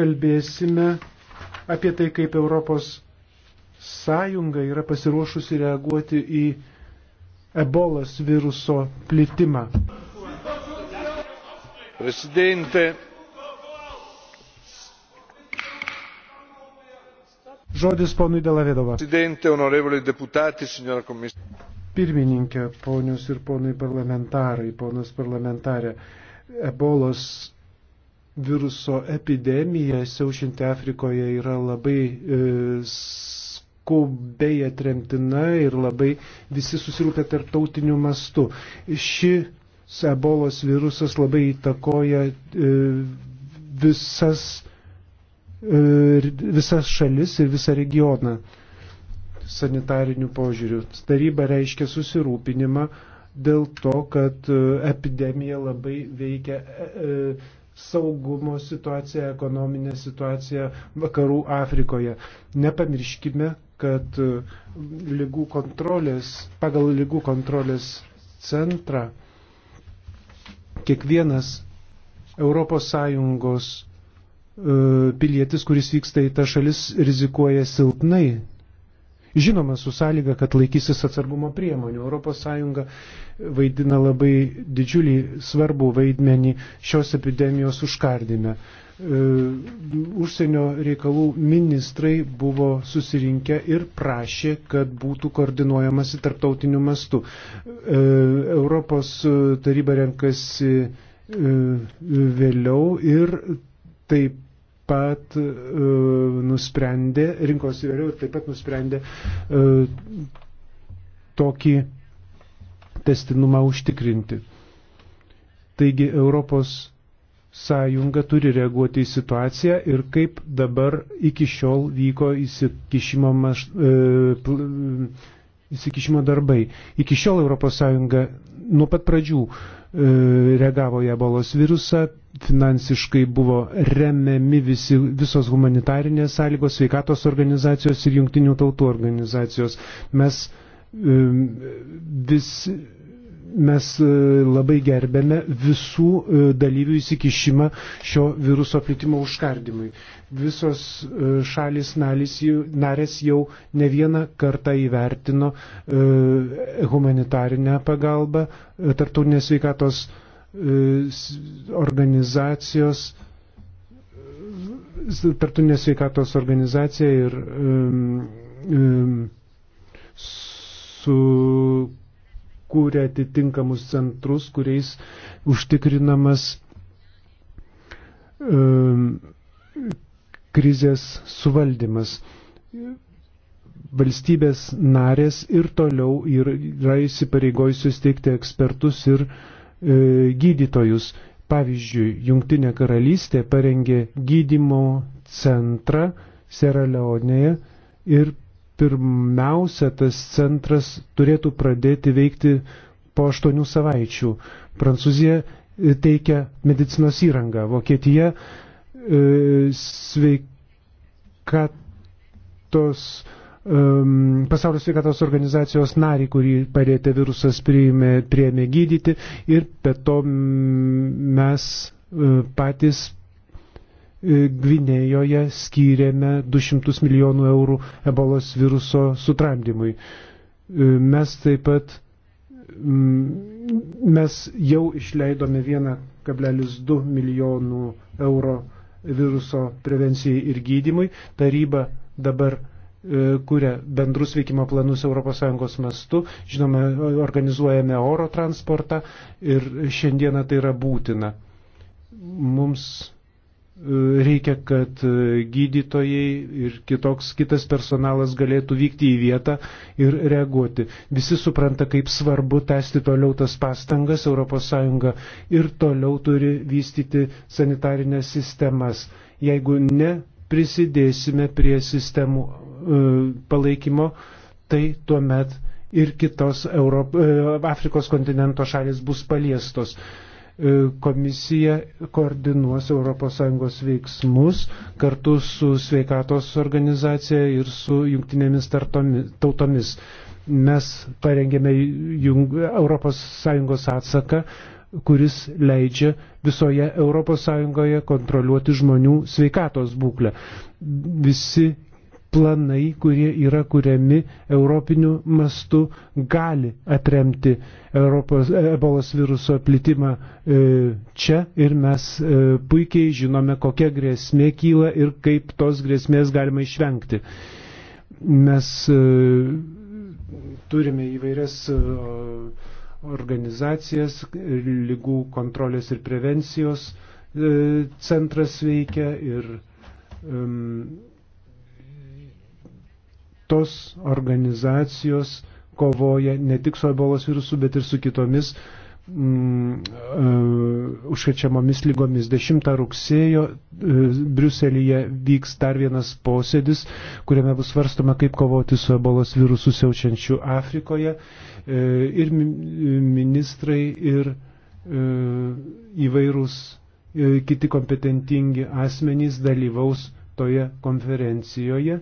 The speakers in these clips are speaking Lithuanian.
kalbėsime apie tai, kaip Europos sąjunga yra pasiruošusi reaguoti į ebolos viruso plitimą. Presidente. Žodis ponui Delavedova. Presidente, onorevoli deputati, signora komisija. Pirmininkė, ponius ir ponai parlamentarai, ponas parlamentarė, ebolos viruso epidemija siaušinti Afrikoje yra labai e, skubiai atremtina ir labai visi susirūpia tarptautiniu mastu. Ši ebolos virusas labai įtakoja e, visas, e, visas šalis ir visą regioną sanitariniu požiūriu. Taryba reiškia susirūpinimą dėl to, kad e, epidemija labai veikia. E, e, saugumo situaciją, ekonominę situaciją vakarų Afrikoje. Nepamirškime, kad e, lygų kontrolės, pagal lygų kontrolės centrą kiekvienas ES e, pilietis, kuris vyksta į tą šalis, rizikuoja silpnai Žinoma, su sąlyga, kad laikysis atsargumo priemonių. ES vaidina labai didžiulį svarbų vaidmenį šios epidemijos užkardime. E, užsienio reikalų ministrai buvo susirinkę ir prašė, kad būtų koordinuojamasi tarptautiniu mastu. E, Europos taryba renkasi e, vėliau ir taip pat e, nusprendė, rinkos vėliau taip pat nusprendė e, tokį testinumą užtikrinti. Taigi Europos sąjunga turi reaguoti į situaciją ir kaip dabar iki šiol vyko įsikišimo, maš, e, įsikišimo darbai. Iki šiol ES nuo pat pradžių e, E, reagavo į ebolos virusą, finansiškai buvo remiami visi, visos humanitarinės sąlygos, sveikatos organizacijos ir jungtinių tautų organizacijos. Mes e, vis mes e, labai gerbėme visų e, dalyvių įsikišimą šio viruso plitimo užkardimui. Visos e, šalis narės jau ne vieną kartą įvertino humanitarinę pagalbą tarptautinės sveikatos organizacijos Tartunė sveikatos organizacija ir um, um, su kūrė atitinkamus centrus, kuriais užtikrinamas um, krizės suvaldymas. Valstybės narės ir toliau yra įsipareigojusios teikti ekspertus ir e, gydytojus. Pavyzdžiui, Jungtinė karalystė parengė gydimo centrą Seraleonėje ir pirmiausia tas centras turėtų pradėti veikti po aštuonių savaičių. Prancūzija e, teikia medicinos įrangą, Vokietija e, sveikatos, pasaulio sveikatos organizacijos narį, kurį parėtė virusas, priėmė, priėmė gydyti ir be to mes e, patys E, Gvinėjoje skyrėme 200 milijonų eurų ebolos viruso sutramdymui. E, mes taip pat mes jau išleidome 1,2 milijonų eurų viruso prevencijai ir gydymui. Taryba dabar e, kuria bendrus veikimo planus ES mastu, žinoma, organizuojame oro transportą ir šiandieną tai yra būtina. Mums reikia, kad e, gydytojai ir kitoks kitas personalas galėtų vykti į vietą ir reaguoti. Visi supranta, kaip svarbu tęsti toliau tas pastangas, ES ir toliau turi vystyti sanitarinės sistemas. Jeigu ne prisidėsime prie sistemų e, palaikymo, tai tuomet ir kitos Europ... E, Afrikos kontinento šalis bus paliestos. E, E, komisija koordinuos ES veiksmus kartu su sveikatos organizacija ir su jungtinėmis tautomis. Mes parengėme ES atsaką, kuris leidžia visoje ES kontroliuoti žmonių sveikatos būklę. Visi planai, kurie yra kuriami europiniu mastu, gali atremti Europos, ebolos viruso plitimą e, čia ir mes e, puikiai žinome, kokia grėsmė kyla ir kaip tos grėsmės galima išvengti. Mes e, turime įvairias organizacijas, lygų kontrolės ir prevencijos centras veikia ir um, tos organizacijos kovoja ne tik su ebolos virusu, bet ir su kitomis mm, uh, užkrečiamomis lygomis. 10 rugsėjo uh, Briuselyje vyks dar vienas posėdis, kuriame bus svarstoma, kaip kovoti su ebolos virusu siaučiančiu Afrikoje. Uh, ir ministrai, ir įvairūs kiti kompetentingi asmenys dalyvaus toje konferencijoje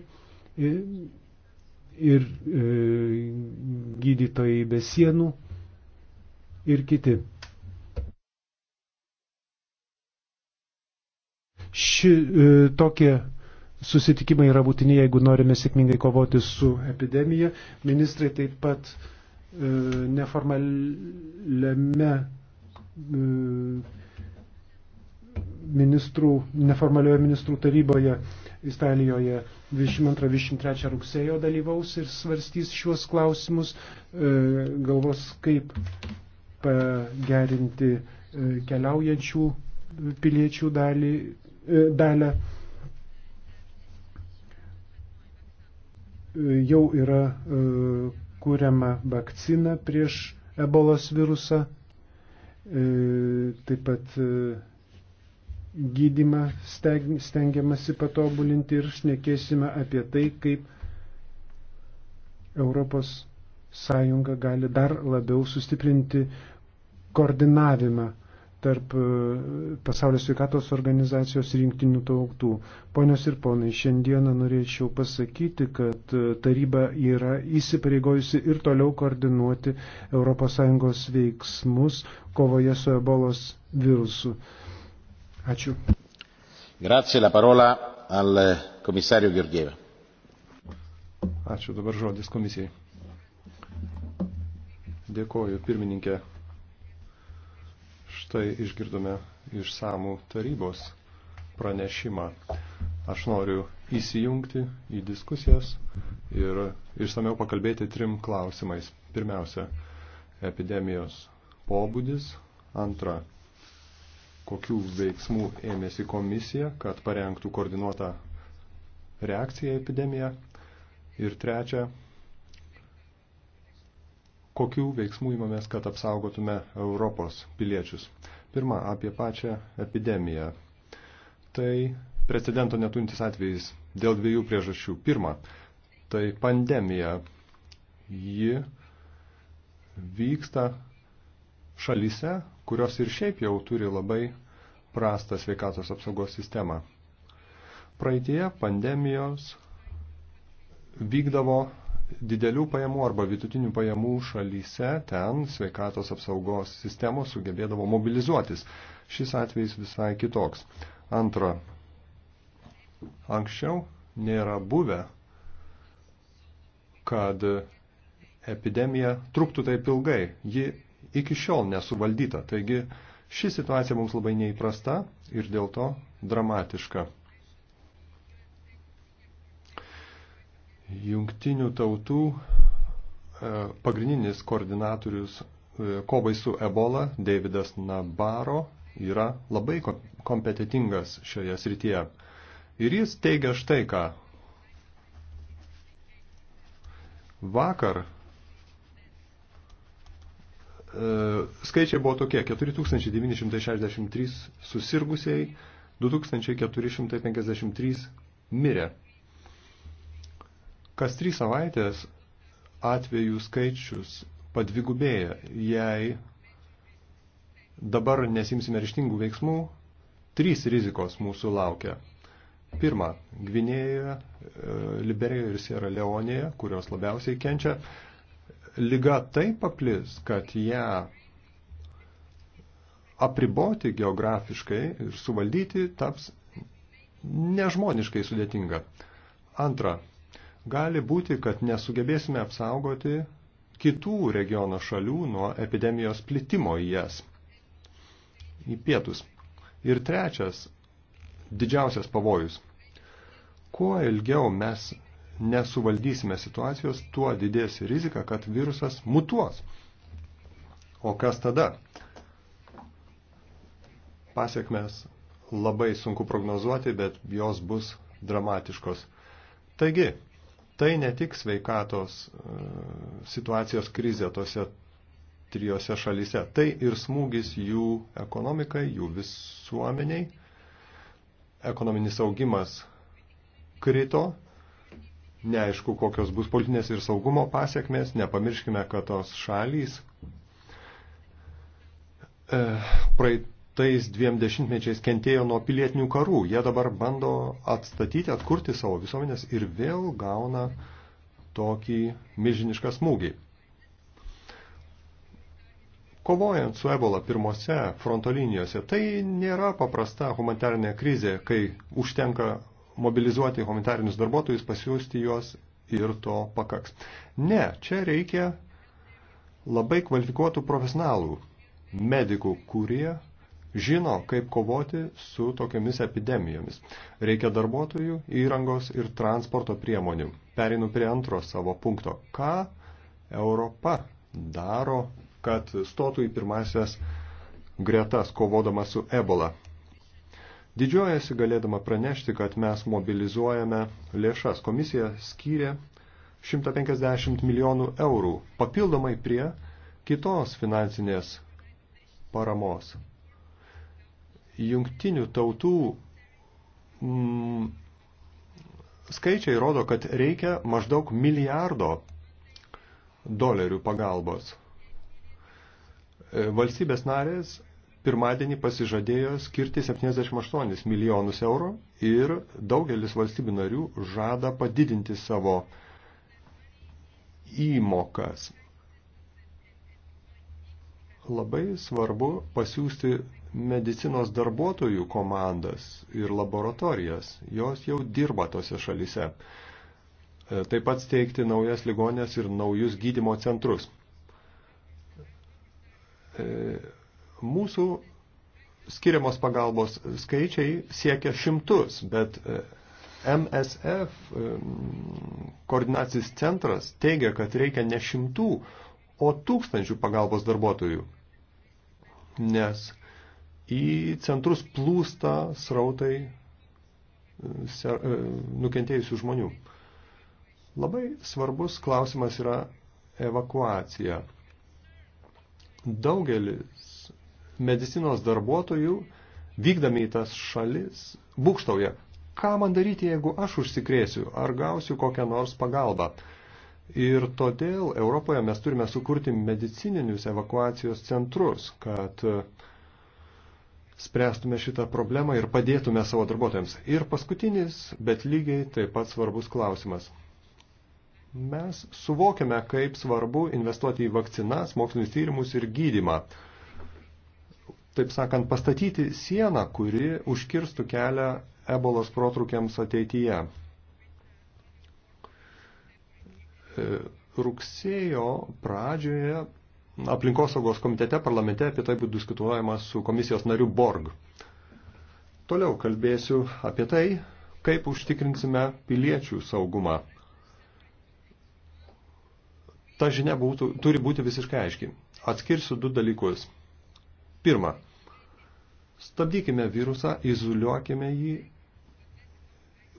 ir e, gydytojai be sienų ir kiti. Ši, e, tokie susitikimai yra būtini, jeigu norime sėkmingai kovoti su epidemija. Ministrai taip pat e, neformaliame e, ministrų, neformalioje ministrų taryboje Italijoje 22-23 rugsėjo dalyvaus ir svarstys šiuos klausimus, e, galvos kaip pagerinti e, keliaujančių piliečių dalį, e, dalę. Jau yra kuriama vakcina prieš ebolos virusą, taip pat gydimą stengiamasi patobulinti ir šnekėsime apie tai, kaip Europos Sąjunga gali dar labiau sustiprinti koordinavimą tarp e, pasaulio sveikatos organizacijos ir jungtinių tautų. Ponios ir ponai, šiandieną norėčiau pasakyti, kad e, taryba yra įsipareigojusi ir toliau koordinuoti ES veiksmus kovoje su ebolos virusu. Ačiū. Grazie, la parola al komisario Georgieva. Ačiū dabar žodis komisijai. Dėkoju, pirmininkė. Štai išgirdome iš samų tarybos pranešimą. Aš noriu įsijungti į diskusijas ir išsameu pakalbėti trim klausimais. Pirmiausia, epidemijos pobūdis. Antra, kokių veiksmų ėmėsi komisija, kad parengtų koordinuotą reakciją į epidemiją. Ir trečia, kokių veiksmų įmamės, kad apsaugotume Europos piliečius. Pirma, apie pačią epidemiją. Tai precedento neturintis atvejis dėl dviejų priežasčių. Pirma, tai pandemija. Ji vyksta šalise, kurios ir šiaip jau turi labai prastą sveikatos apsaugos sistemą. Praeitie pandemijos vykdavo didelių pajamų arba vidutinių pajamų šalyse, ten sveikatos apsaugos sistemos sugebėdavo mobilizuotis. Šis atvejis visai kitoks. Antra, anksčiau nėra buvę, kad epidemija truktų taip ilgai. Ji iki šiol nesuvaldyta. Taigi ši situacija mums labai neįprasta ir dėl to dramatiška. Jungtinių tautų e, pagrindinis koordinatorius e, kovai su ebola, Davidas Nabaro, yra labai kompetitingas šioje srityje. Ir jis teigia štai ką. Vakar E, skaičiai buvo tokie 4963 susirgusiai, 2453 mirė. Kas trys savaitės atvejų skaičius padvigubėja, jei dabar nesimsime ryštingų veiksmų, trys rizikos mūsų laukia. Pirma, Gvinėjoje, Liberijoje ir Sierra Leonėje, kurios labiausiai kenčia, lyga taip paplis, kad ją apriboti geografiškai ir suvaldyti taps nežmoniškai sudėtinga. Antra, gali būti, kad nesugebėsime apsaugoti kitų regiono šalių nuo epidemijos plitimo į jas, į pietus. Ir trečias, didžiausias pavojus. Kuo ilgiau mes nesuvaldysime situacijos, tuo didės rizika, kad virusas mutuos. O kas tada? Pasiekmes labai sunku prognozuoti, bet jos bus dramatiškos. Taigi, tai ne tik sveikatos e, situacijos krizė tose trijose šalyse, tai ir smūgis jų ekonomikai, jų visuomeniai. Ekonominis augimas krito, neaišku, kokios bus politinės ir saugumo pasiekmes, nepamirškime, kad tos šalys e, praeitais dviem dešimtmečiais kentėjo nuo pilietinių karų. Jie dabar bando atstatyti, atkurti savo visuomenės ir vėl gauna tokį milžinišką smūgį. Kovojant su ebola pirmose fronto linijose, tai nėra paprasta humanitarinė krizė, kai užtenka mobilizuoti humanitarinius darbuotojus, pasiūsti juos ir to pakaks. Ne, čia reikia labai kvalifikuotų profesionalų, medikų, kurie žino, kaip kovoti su tokiamis epidemijomis. Reikia darbuotojų, įrangos ir transporto priemonių. Perinu prie antro savo punkto. Ką Europa daro, kad stotų į pirmasias gretas kovodama su ebola? Didžiuojasi galėdama pranešti, kad mes mobilizuojame lėšas. Komisija skyrė 150 milijonų eurų papildomai prie kitos finansinės paramos. Jungtinių tautų mm, skaičiai rodo, kad reikia maždaug milijardo dolerių pagalbos. E, valstybės narės pirmadienį pasižadėjo skirti 78 milijonus eurų ir daugelis valstybių narių žada padidinti savo įmokas. Labai svarbu pasiūsti medicinos darbuotojų komandas ir laboratorijas. Jos jau dirba tose šalise. E, taip pat steigti naujas ligonės ir naujus gydymo centrus e, Mūsų skiriamos pagalbos skaičiai siekia šimtus, bet e, MSF e, koordinacinis centras teigia, kad reikia ne šimtų, o tūkstančių pagalbos darbuotojų. Nes į centrus plūsta srautai e, nukentėjusių žmonių. Labai svarbus klausimas yra evakuacija. Daugelis medicinos darbuotojų vykdami į tas šalis būkštauja, ką man daryti, jeigu aš užsikrėsiu, ar gausiu kokią nors pagalbą. Ir todėl Europoje mes turime sukurti medicininius evakuacijos centrus, kad e, spręstume šitą problemą ir padėtume savo darbuotojams. Ir paskutinis, bet lygiai taip pat svarbus klausimas. Mes suvokiame, kaip svarbu investuoti į vakcinas, mokslinius tyrimus ir gydymą taip sakant, pastatyti sieną, kuri užkirstų kelią ebolos protrukiams ateityje. E, rugsėjo pradžioje aplinkosaugos komitete parlamente apie tai būtų diskutuojama su komisijos nariu Borg. Toliau kalbėsiu apie tai, kaip užtikrinsime piliečių saugumą. Ta žinia būtų, turi būti visiškai aiški. Atskirsiu du dalykus. Pirma, Stabdykime virusą, izoliuokime jį,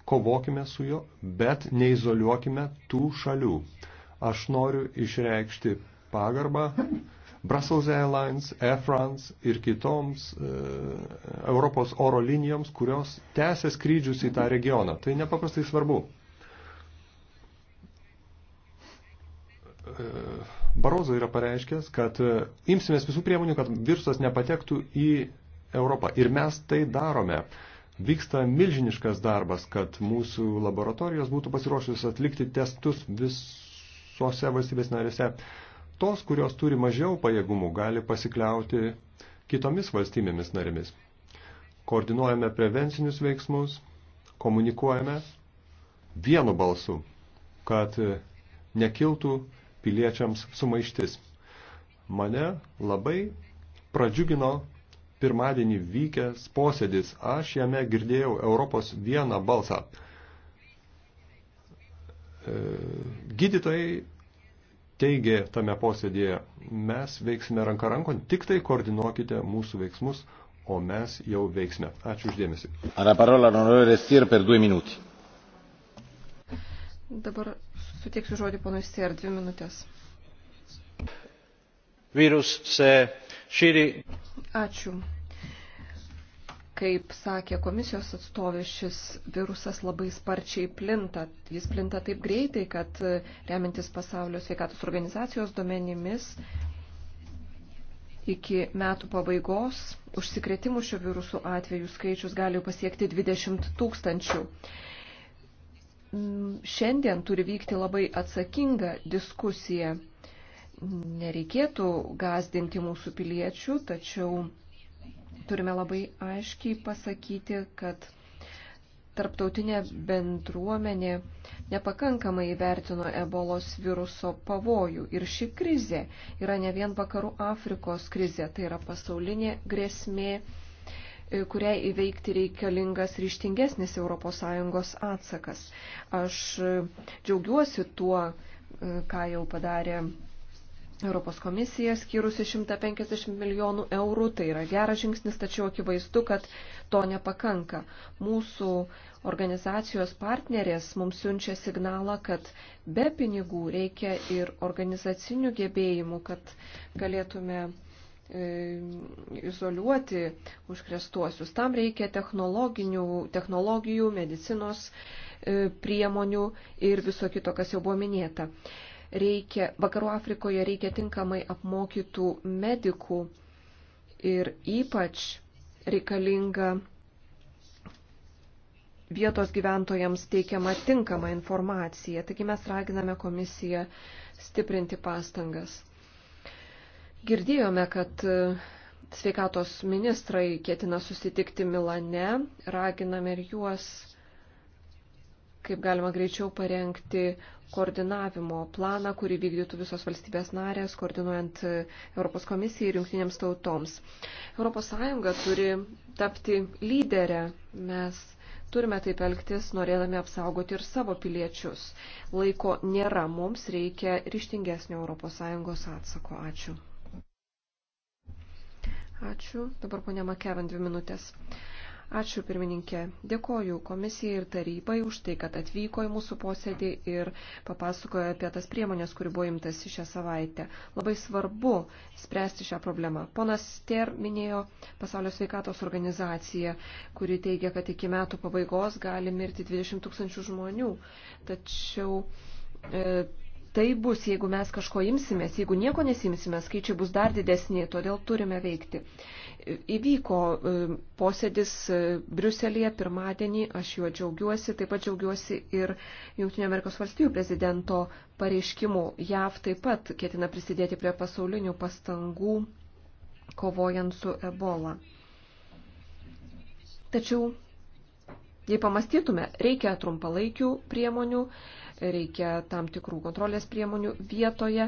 kovokime su juo, bet neizoliuokime tų šalių. Aš noriu išreikšti pagarbą Brussels Airlines, Air France ir kitoms e, Europos oro linijoms, kurios tęsia skrydžius į tą regioną. Tai nepaprastai svarbu. E, Barozo yra pareiškęs, kad e, imsimės visų priemonių, kad virusas nepatektų į Europą. Ir mes tai darome. Vyksta milžiniškas darbas, kad mūsų laboratorijos būtų pasiruošusios atlikti testus visose valstybės narėse. Tos, kurios turi mažiau pajėgumų, gali pasikliauti kitomis valstybėmis narėmis. Koordinuojame prevencinius veiksmus, komunikuojame vienu balsu, kad nekiltų piliečiams sumaištis. Mane labai pradžiugino pirmadienį vykęs posėdis. Aš jame girdėjau Europos vieną balsą. E, gydytojai teigė tame posėdėje, mes veiksime ranka rankon, tik tai koordinuokite mūsų veiksmus, o mes jau veiksime. Ačiū uždėmesi. Dabar suteiksiu žodį ponui Stier, dvi minutės. Virus se širi. Ačiū. Kaip sakė komisijos atstovė, šis virusas labai sparčiai plinta. Jis plinta taip greitai, kad remintis pasaulio sveikatos organizacijos duomenimis iki metų pabaigos užsikrėtimų šio virusų atvejų skaičius gali pasiekti 20 tūkstančių šiandien turi vykti labai atsakinga diskusija nereikėtų gazdinti mūsų piliečių, tačiau turime labai aiškiai pasakyti, kad tarptautinė bendruomenė nepakankamai įvertino ebolos viruso pavojų. Ir ši krizė yra ne vien vakarų Afrikos krizė, tai yra pasaulinė grėsmė, e, kuriai įveikti reikalingas ryštingesnis ES atsakas. Aš e, džiaugiuosi tuo, e, ką jau padarė Europos komisija skyrusi 150 milijonų eurų, tai yra geras žingsnis, tačiau akivaizdu, kad to nepakanka. Mūsų organizacijos partnerės mums siunčia signalą, kad be pinigų reikia ir organizacinių gebėjimų, kad galėtume e, izoliuoti užkrestuosius. Tam reikia technologijų, medicinos e, priemonių ir viso kito, kas jau buvo minėta. E, reikia, vakarų Afrikoje reikia tinkamai apmokytų medikų ir ypač reikalinga vietos gyventojams teikiama tinkama informacija. Taigi mes raginame komisiją stiprinti pastangas. Girdėjome, kad e, sveikatos ministrai ketina susitikti Milane, raginame ir juos kaip galima greičiau parengti koordinavimo planą, kurį vykdytų visos valstybės narės, koordinuojant Europos komisiją ir jungtinėms tautoms. ES turi tapti lyderę. Mes turime taip elgtis, norėdami apsaugoti ir savo piliečius. Laiko nėra, mums reikia ryštingesnio ES atsako. Ačiū. Ačiū. Dabar ponia Makevan, dvi minutės. Ačiū pirmininkė. Dėkoju komisijai ir tarybai už tai, kad atvyko į mūsų posėdį ir papasakojo apie tas priemonės, kuri buvo imtasi šią savaitę. Labai svarbu spręsti šią problemą. Ponas Ster minėjo Pasaulio sveikatos organizaciją, kuri teigia, kad iki metų pabaigos gali mirti 20 tūkstančių žmonių. Tačiau e, tai bus, jeigu mes kažko imsimės, jeigu nieko nesimsime, skaičiai bus dar didesnė, todėl turime veikti. Įvyko e, posėdis e, Briuselėje pirmadienį, aš juo džiaugiuosi, taip pat džiaugiuosi ir JAV prezidento pareiškimu. JAV taip pat ketina prisidėti prie pasaulinių pastangų kovojant su ebola. Tačiau, jei pamastytume, reikia trumpalaikių priemonių, reikia tam tikrų kontrolės priemonių vietoje,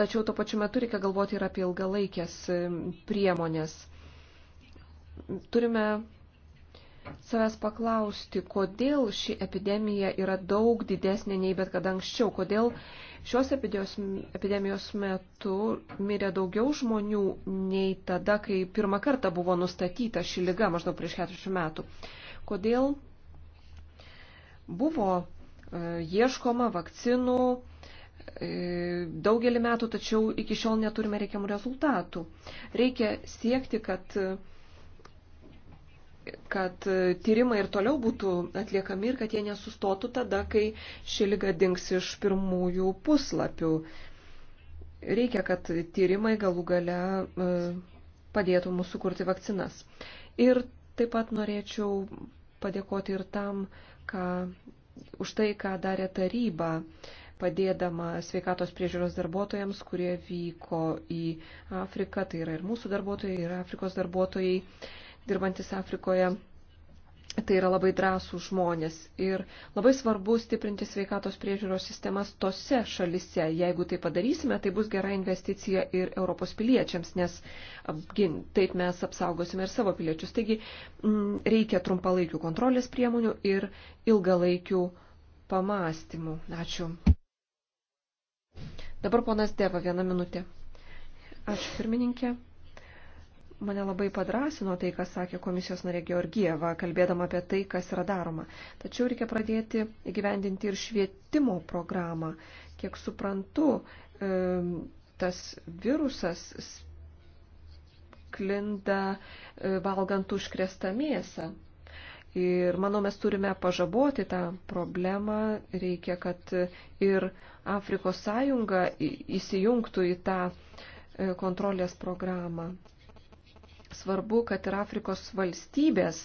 tačiau tuo pačiu metu reikia galvoti ir apie ilgalaikės priemonės. Turime savęs paklausti, kodėl ši epidemija yra daug didesnė nei bet kada anksčiau, kodėl šios epidemijos, epidemijos metu mirė daugiau žmonių nei tada, kai pirmą kartą buvo nustatyta ši lyga maždaug prieš 40 metų. Kodėl buvo E, ieškoma vakcinų e, daugelį metų, tačiau iki šiol neturime reikiamų rezultatų. Reikia siekti, kad kad tyrimai ir toliau būtų atliekami ir kad jie nesustotų tada, kai ši lyga dinks iš pirmųjų puslapių. Reikia, kad tyrimai galų gale e, padėtų mūsų kurti vakcinas. Ir taip pat norėčiau padėkoti ir tam, ką už tai, ką darė taryba, padėdama sveikatos priežiūros darbuotojams, kurie vyko į Afriką, tai yra ir mūsų darbuotojai, ir Afrikos darbuotojai dirbantis Afrikoje. Tai yra labai drąsų žmonės ir labai svarbu stiprinti sveikatos priežiūros sistemas tose šalise. Jeigu tai padarysime, tai bus gera investicija ir Europos piliečiams, nes apgin, taip mes apsaugosime ir savo piliečius. Taigi m, mm, reikia trumpalaikių kontrolės priemonių ir ilgalaikių pamastymų. Ačiū. Dabar ponas Deva, vieną minutę. Ačiū pirmininkė. Mane labai padrasino tai, kas sakė komisijos narė Georgieva, kalbėdama apie tai, kas yra daroma. Tačiau reikia pradėti įgyvendinti ir švietimo programą. Kiek suprantu, tas virusas sklinda e, valgant užkrestą mėsą. Ir manau, mes turime pažaboti tą problemą, reikia, kad ir Afrikos sąjunga įsijungtų į tą e, kontrolės programą svarbu, kad ir Afrikos valstybės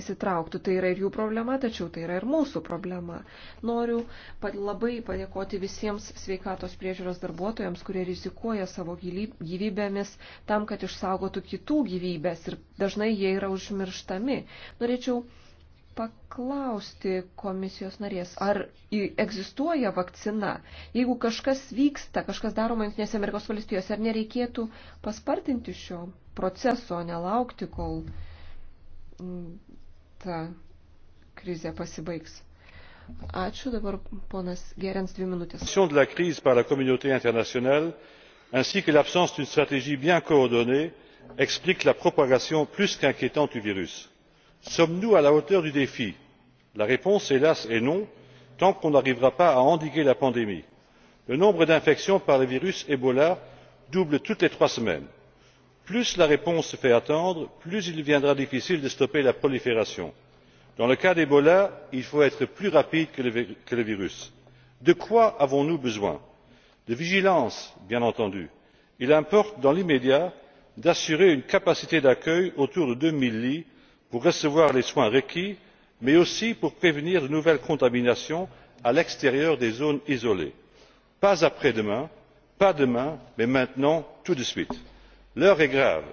įsitrauktų. Tai yra ir jų problema, tačiau tai yra ir mūsų problema. Noriu labai padėkoti visiems sveikatos priežiūros darbuotojams, kurie rizikuoja savo gyvybėmis tam, kad išsaugotų kitų gyvybės ir dažnai jie yra užmirštami. Norėčiau paklausti komisijos narės, ar egzistuoja vakcina, jeigu kažkas vyksta, kažkas daroma Junktinėse Amerikos valstijose, ar nereikėtų paspartinti šio proceso, nelaukti, kol mm, ta krizė pasibaigs. Ačiū dabar ponas Gerens dvi minutės. ainsi que l'absence d'une stratégie bien coordonnée explique la propagation plus qu'inquiétante du virus. sommes nous à la hauteur du défi? la réponse hélas est non tant qu'on n'arrivera pas à endiguer la pandémie. le nombre d'infections par le virus ebola double toutes les trois semaines plus la réponse se fait attendre plus il deviendra difficile de stopper la prolifération. dans le cas d'ebola il faut être plus rapide que le virus. de quoi avons nous besoin? de vigilance bien entendu. il importe dans l'immédiat d'assurer une capacité d'accueil autour de deux zéro lits pour recevoir les soins requis mais aussi pour prévenir de nouvelles contaminations à l'extérieur des zones isolées. pas après demain pas demain mais maintenant tout de suite l'heure est grave.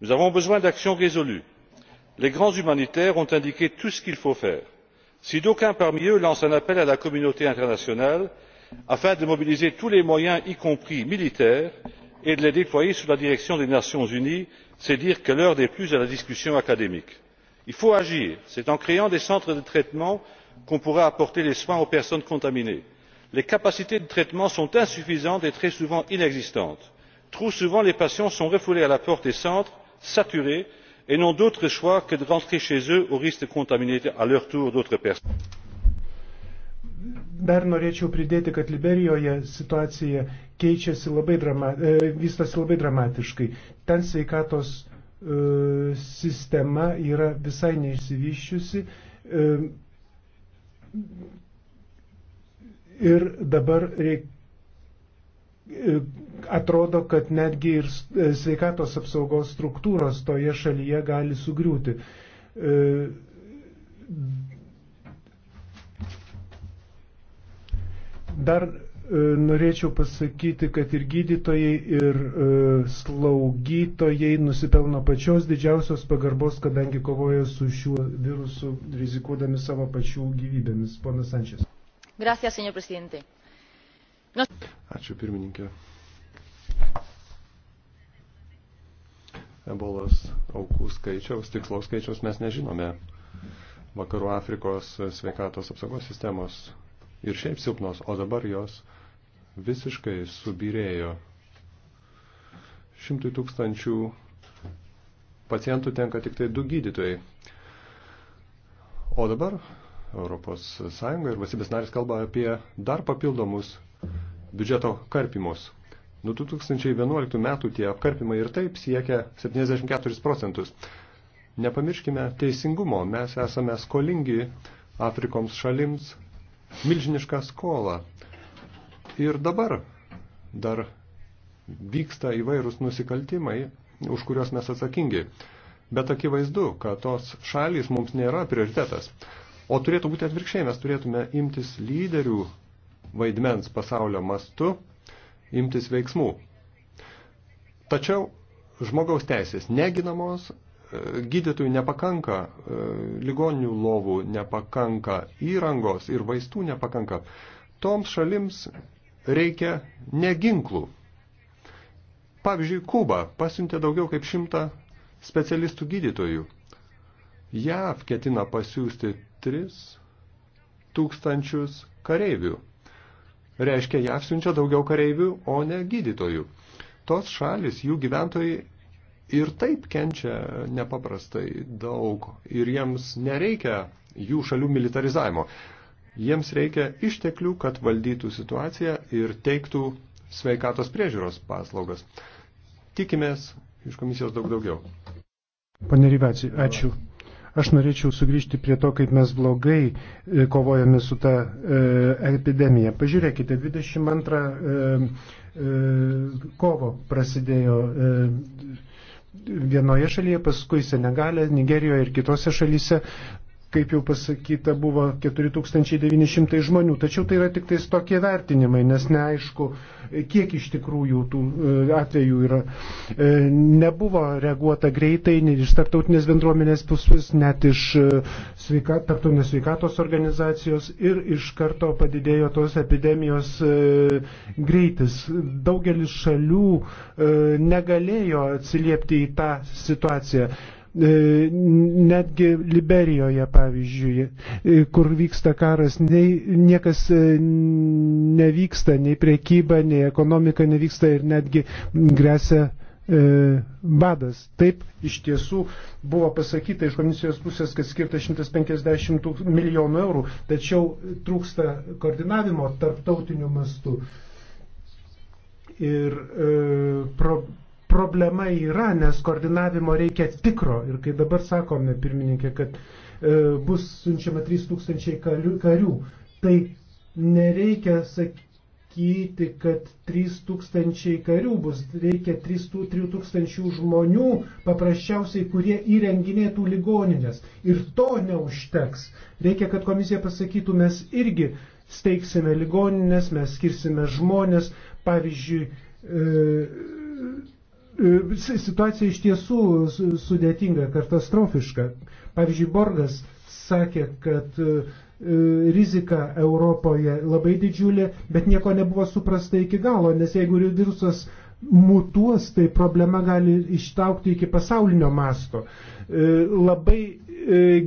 nous avons besoin d'actions résolues. les grands humanitaires ont indiqué tout ce qu'il faut faire. si d'aucuns parmi eux lancent un appel à la communauté internationale afin de mobiliser tous les moyens y compris militaires et de les déployer sous la direction des nations unies c'est dire que l'heure n'est plus à la discussion académique. il faut agir. c'est en créant des centres de traitement qu'on pourra apporter les soins aux personnes contaminées. les capacités de traitement sont insuffisantes et très souvent inexistantes trop souvent les patients sont refoulés à la porte des centres saturés et n'ont d'autre choix que de rentrer chez eux au risque de contaminer à leur tour d'autres personnes. Dar norėčiau pridėti, kad Liberijoje situacija keičiasi labai, drama, e, labai dramatiškai. Ten sveikatos e, sistema yra visai neišsivyščiusi. E, ir dabar reik, atrodo, kad netgi ir e, sveikatos apsaugos struktūros toje šalyje gali sugriūti. E, dar e, norėčiau pasakyti, kad ir gydytojai, ir slaugytojai nusipelno pačios didžiausios pagarbos, kadangi kovoja su šiuo virusu, rizikuodami savo pačių gyvybėmis. Ponas Sančias. Gracias, señor presidente. Ačiū pirmininkė. Ebolos aukų skaičiaus, tikslaus skaičiaus mes nežinome. Vakarų Afrikos sveikatos apsaugos sistemos ir šiaip silpnos, o dabar jos visiškai subirėjo. Šimtui tūkstančių pacientų tenka tik tai du gydytojai. O dabar Europos Sąjunga ir valstybės narės kalba apie dar papildomus biudžeto karpimus. Nuo 2011 metų tie apkarpimai ir taip siekia 74 procentus. Nepamirškime teisingumo, mes esame skolingi Afrikoms šalims milžinišką skolą. Ir dabar dar vyksta įvairūs nusikaltimai, už kuriuos mes atsakingi. Bet akivaizdu, kad tos šalys mums nėra prioritetas. O turėtų būti atvirkščiai, mes turėtume imtis lyderių vaidmens pasaulio mastu imtis veiksmų. Tačiau žmogaus teisės neginamos, e, gydytojų nepakanka, e, ligoninių lovų nepakanka, įrangos ir vaistų nepakanka. Toms šalims reikia neginklų. Pavyzdžiui, Kuba pasiuntė daugiau kaip šimtą specialistų gydytojų. JAV ketina pasiūsti 3 tūkstančius kareivių. Reiškia, JAV siunčia daugiau kareivių, o ne gydytojų. Tos šalis, jų gyventojai ir taip kenčia nepaprastai daug ir jiems nereikia jų šalių militarizavimo. Jiems reikia išteklių, kad valdytų situaciją ir teiktų sveikatos priežiūros paslaugas. Tikimės iš komisijos daug daugiau. Pane Rivacijai, ačiū. Aš norėčiau sugrįžti prie to, kaip mes blogai e, kovojame su ta e, epidemija. Pažiūrėkite, 22 e, e, kovo prasidėjo. E, Vienoje šalyje, paskui Senegale, Nigerijoje ir kitose šalyse kaip jau pasakyta, buvo 4900 žmonių. Tačiau tai yra tik tais tokie vertinimai, nes neaišku, kiek iš tikrųjų tų e, atvejų yra. E, nebuvo reaguota greitai iš tarptautinės bendruomenės pusės, net iš e, sveikat, tarptautinės sveikatos organizacijos ir iš karto padidėjo tos epidemijos greitis. Daugelis šalių negalėjo atsiliepti į tą situaciją. E, netgi Liberijoje, pavyzdžiui, e, kur vyksta karas, nei, niekas e, nevyksta, nei priekyba, nei ekonomika nevyksta ir netgi grėsia badas. Taip, iš tiesų buvo pasakyta iš komisijos pusės, kad skirta 150 milijonų eurų, tačiau trūksta koordinavimo tarptautiniu mastu. Ir e, pro, problema yra, nes koordinavimo reikia tikro. Ir kai dabar sakome, pirmininkė, kad e, bus siunčiama 3000 karių, karių, tai nereikia sakyti, kad 3000 karių bus, reikia 3000 žmonių paprasčiausiai, kurie įrenginėtų ligoninės. Ir to neužteks. Reikia, kad komisija pasakytų, mes irgi steigsime ligoninės, mes skirsime žmonės, pavyzdžiui, e, E, situacija iš tiesų sudėtinga, katastrofiška. Pavyzdžiui, Borgas sakė, kad e, rizika Europoje labai didžiulė, bet nieko nebuvo suprasta iki galo, nes jeigu virusas mutuos, tai problema gali ištaukti iki pasaulinio masto. E, labai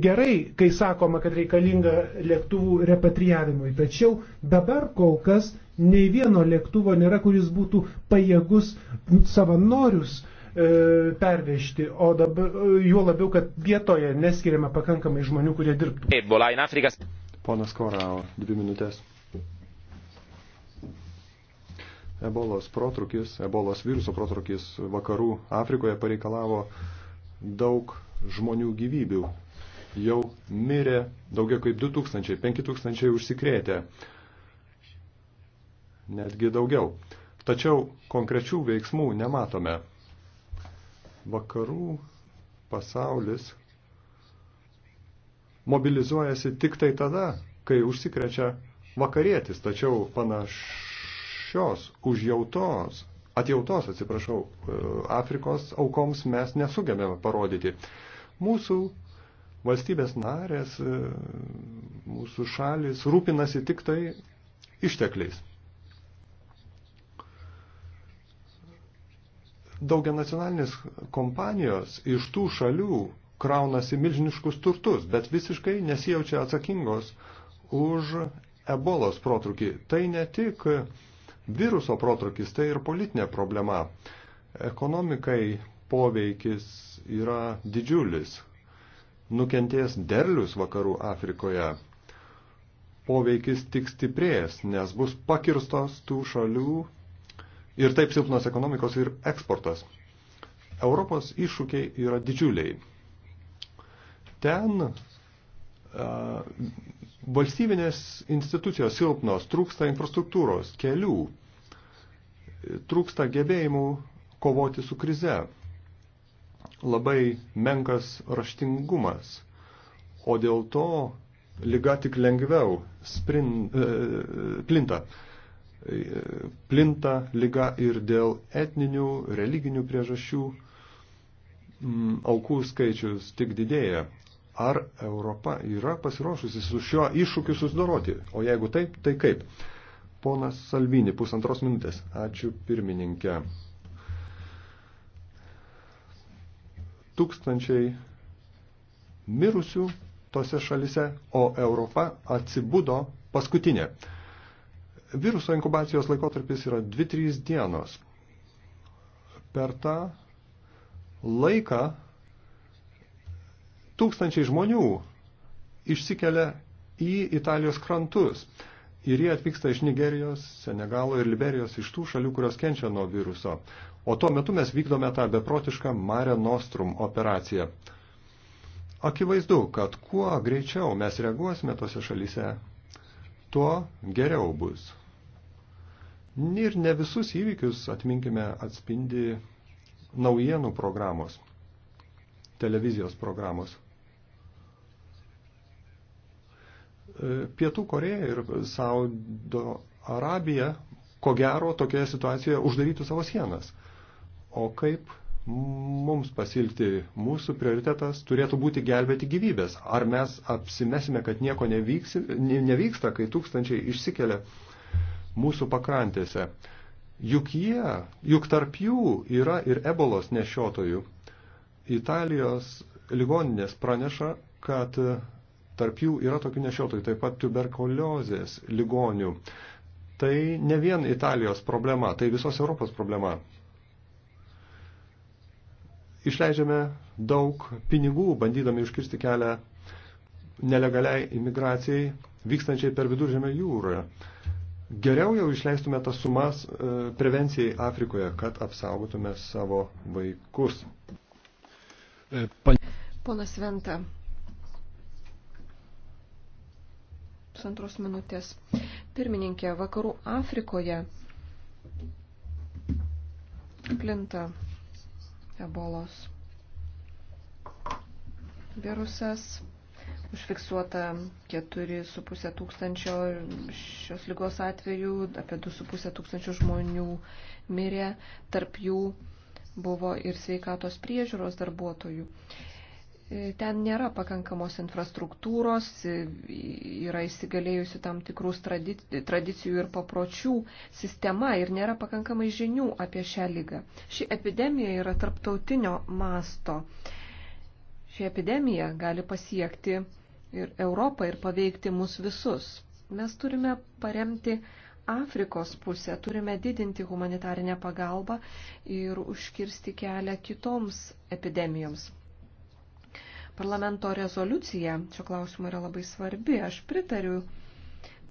gerai, kai sakoma, kad reikalinga lėktuvų repatrijavimui, tačiau dabar kol kas Nei vieno lėktuvo nėra, kuris būtų pajėgus savanorius e, pervežti, o dabar juo labiau, kad vietoje neskiriama pakankamai žmonių, kurie dirbtų. Ebola in Afrika. Ponas Korao, dvi minutės. Ebolos protrukis, ebolos viruso protrukis vakarų Afrikoje pareikalavo daug žmonių gyvybių. Jau mirė daugiau kaip 2000, 5000 užsikrėtė netgi daugiau. Tačiau konkrečių veiksmų nematome. Vakarų pasaulis mobilizuojasi tik tai tada, kai užsikrečia vakarietis, tačiau panašios užjautos, atjautos, atsiprašau, e, Afrikos aukoms mes nesugebėme parodyti. Mūsų valstybės narės, e, mūsų šalis rūpinasi tik tai ištekliais. daugia nacionalinės kompanijos iš tų šalių kraunasi milžiniškus turtus, bet visiškai nesijaučia atsakingos už ebolos protrukį. Tai ne tik viruso protrukis, tai ir politinė problema. Ekonomikai poveikis yra didžiulis. Nukentės derlius vakarų Afrikoje. Poveikis tik stiprės, nes bus pakirstos tų šalių ir taip silpnos ekonomikos ir eksportas. Europos iššūkiai yra didžiuliai. Ten a, valstybinės institucijos silpnos, trūksta infrastruktūros, kelių, trūksta gebėjimų kovoti su krize, labai menkas raštingumas, o dėl to lyga tik lengviau sprin, e, plinta. E, plinta lyga ir dėl etninių, religinių priežasčių mm, aukų skaičius tik didėja. Ar Europa yra pasiruošusi su šiuo iššūkiu susidoroti? O jeigu taip, tai kaip? Ponas Salvini, pusantros minutės. Ačiū pirmininkė. Tūkstančiai mirusių tose šalise, o Europa atsibudo paskutinė. Viruso inkubacijos laikotarpis yra 2-3 dienos. Per tą laiką tūkstančiai žmonių išsikelia į Italijos krantus. Ir jie atvyksta iš Nigerijos, Senegalo ir Liberijos, iš tų šalių, kurios kenčia nuo viruso. O tuo metu mes vykdome tą beprotišką Mare Nostrum operaciją. Akivaizdu, kad kuo greičiau mes reaguosime tose šalyse, tuo geriau bus. Ir ne visus įvykius, atminkime, atspindi naujienų programos, televizijos programos. E, Pietų Koreja ir Saudo Arabija, ko gero, tokioje situacijoje uždarytų savo sienas. O kaip mums pasilgti, mūsų prioritetas turėtų būti gelbėti gyvybės. Ar mes apsimesime, kad nieko nevyks, nevyksta, kai tūkstančiai išsikelia mūsų pakrantėse. Juk jie, juk tarp jų yra ir ebolos nešiotojų. Italijos ligoninės praneša, kad tarp jų yra tokių nešiotojų, taip pat tuberkuliozės ligonių. Tai ne vien Italijos problema, tai visos Europos problema. Išleidžiame daug pinigų, bandydami užkirsti kelią nelegaliai imigracijai vykstančiai per viduržėmę jūrą. Geriau jau išleistume tas sumas e, prevencijai Afrikoje, kad apsaugotume savo vaikus. E, pan... Ponas Venta. Pusantros minutės. Pirmininkė, vakarų Afrikoje plinta ebolos virusas Užfiksuota 4,5 tūkstančio šios lygos atvejų, apie 2,5 tūkstančių žmonių mirė, tarp jų buvo ir sveikatos priežiūros darbuotojų. E, ten nėra pakankamos infrastruktūros, e, yra įsigalėjusi tam tikrų tradicijų ir papročių sistema ir nėra pakankamai žinių apie šią lygą. Ši epidemija yra tarptautinio masto. Ši epidemija gali pasiekti ir Europą ir paveikti mus visus. Mes turime paremti Afrikos pusę, turime didinti humanitarinę pagalbą ir užkirsti kelią kitoms epidemijoms. Parlamento rezoliucija šio klausimo yra labai svarbi. Aš pritariu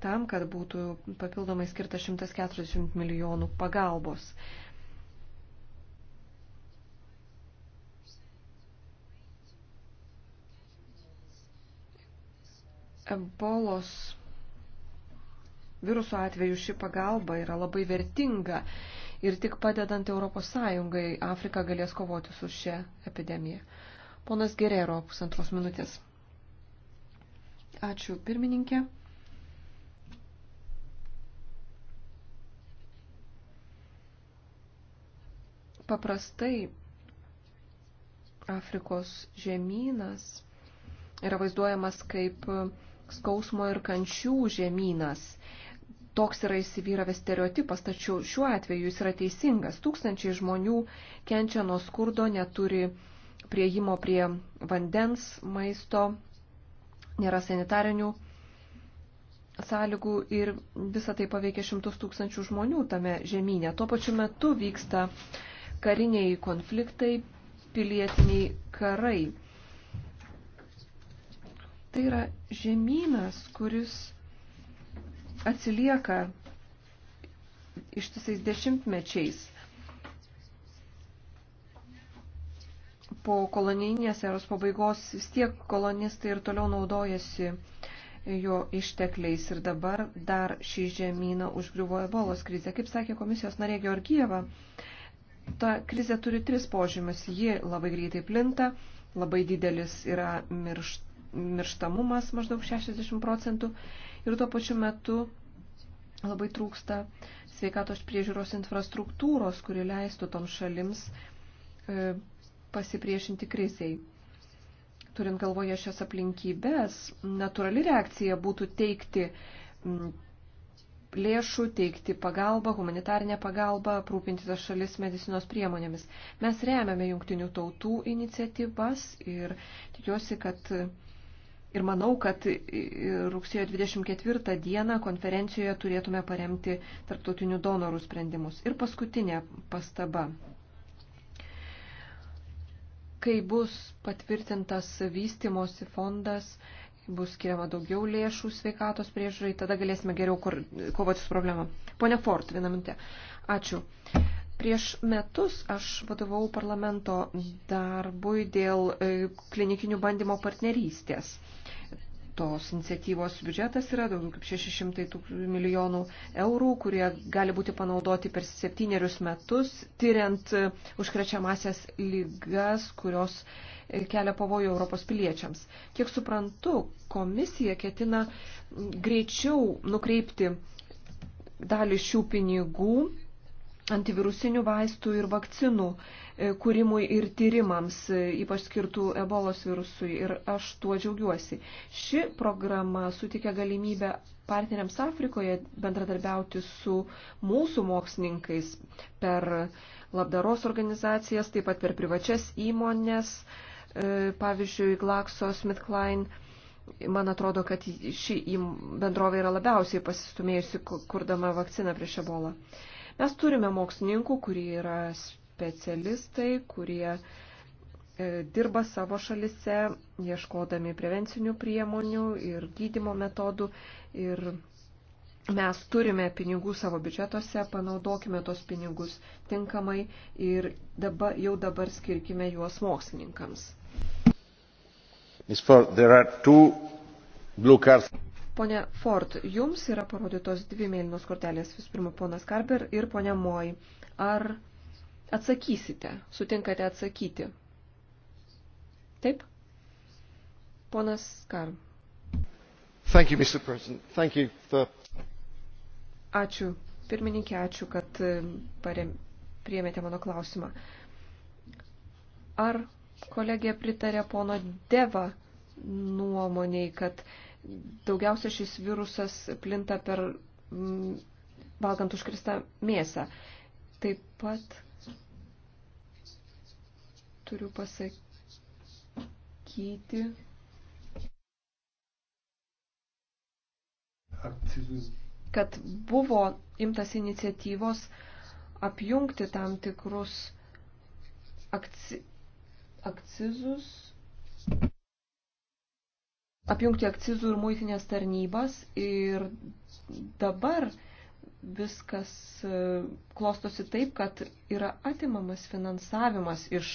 tam, kad būtų papildomai skirta 140 milijonų pagalbos. Ebolos viruso atveju ši pagalba yra labai vertinga ir tik padedant ES Afrika galės kovoti su šia epidemija. Ponas Gerero, pusantros minutės. Ačiū, pirmininkė. Paprastai Afrikos žemynas yra vaizduojamas kaip skausmo ir kančių žemynas. Toks yra įsivyravęs stereotipas, tačiau šiuo atveju jis yra teisingas. Tūkstančiai žmonių kenčia nuo skurdo, neturi prieimo prie vandens, maisto, nėra sanitarinių sąlygų ir visą tai paveikia šimtus tūkstančių žmonių tame žemynė. Tuo pačiu metu vyksta kariniai konfliktai, pilietiniai karai. Tai yra žemynas, kuris atsilieka ištisais dešimtmečiais po kolonijinės eros pabaigos vis tiek kolonistai ir toliau naudojasi jo ištekliais ir dabar dar šį žemyną užgriuvo ebolos krizė. Kaip sakė komisijos narė Georgieva, ta krizė turi tris požymius. Ji labai greitai plinta, labai didelis yra miršt, mirštamumas maždaug 60 procentų ir tuo pačiu metu labai trūksta sveikatos priežiūros infrastruktūros, kuri leistų toms šalims e, pasipriešinti kriziai. Turint galvoje šias aplinkybės, natūrali reakcija būtų teikti lėšų, teikti pagalbą, humanitarinę pagalbą, aprūpinti tas šalis medicinos priemonėmis. Mes remiame jungtinių tautų iniciatyvas ir tikiuosi, kad Ir manau, kad rugsėjo 24 dieną konferencijoje turėtume paremti tarptautinių donorų sprendimus. Ir paskutinė pastaba. Kai bus patvirtintas vystimosi fondas, bus skiriama daugiau lėšų sveikatos priežiūrai, tada galėsime geriau kovoti su problema. Pone Fort, vieną minutę. Ačiū. Prieš metus aš vadovau parlamento darbui dėl e, klinikinių bandymo partnerystės tos iniciatyvos biudžetas yra daugiau kaip 600 milijonų eurų, kurie gali būti panaudoti per septynerius metus, tyriant e, užkrečiamasias lygas, kurios e, kelia pavojų Europos piliečiams. Kiek suprantu, komisija ketina greičiau nukreipti dalį šių pinigų antivirusinių vaistų ir vakcinų e, kūrimui ir tyrimams, e, ypač skirtų ebolos virusui. Ir aš tuo džiaugiuosi. Ši programa sutikė galimybę partneriams Afrikoje bendradarbiauti su mūsų mokslininkais per labdaros organizacijas, taip pat per privačias įmonės, e, pavyzdžiui, Glaxo, SmithKline man atrodo, kad ši bendrovė yra labiausiai pasistumėjusi, kurdama vakciną prieš ebolą. Mes turime mokslininkų, kurie yra specialistai, kurie e, dirba savo šalise, ieškodami prevencinių priemonių ir gydimo metodų. Ir mes turime pinigų savo biudžetuose, panaudokime tos pinigus tinkamai ir dabar, jau dabar skirkime juos mokslininkams. Pone Ford, jums yra parodytos dvi mėlynos kortelės, vis pirma, ponas Karber ir ponia Moj. Ar atsakysite, sutinkate atsakyti? Taip? Ponas Kar. Thank you, Mr. President. Thank you for... Ačiū, pirmininkė, ačiū, kad e, parem, priemėte mano klausimą. Ar kolegė pritarė pono Deva nuomoniai, kad uh, daugiausia šis virusas plinta per m, mm, valgant užkristą mėsą. Taip pat turiu pasakyti. kad buvo imtas iniciatyvos apjungti tam tikrus akci, akcizus apjungti akcizų ir muitinės tarnybas ir dabar viskas e, klostosi taip, kad yra atimamas finansavimas iš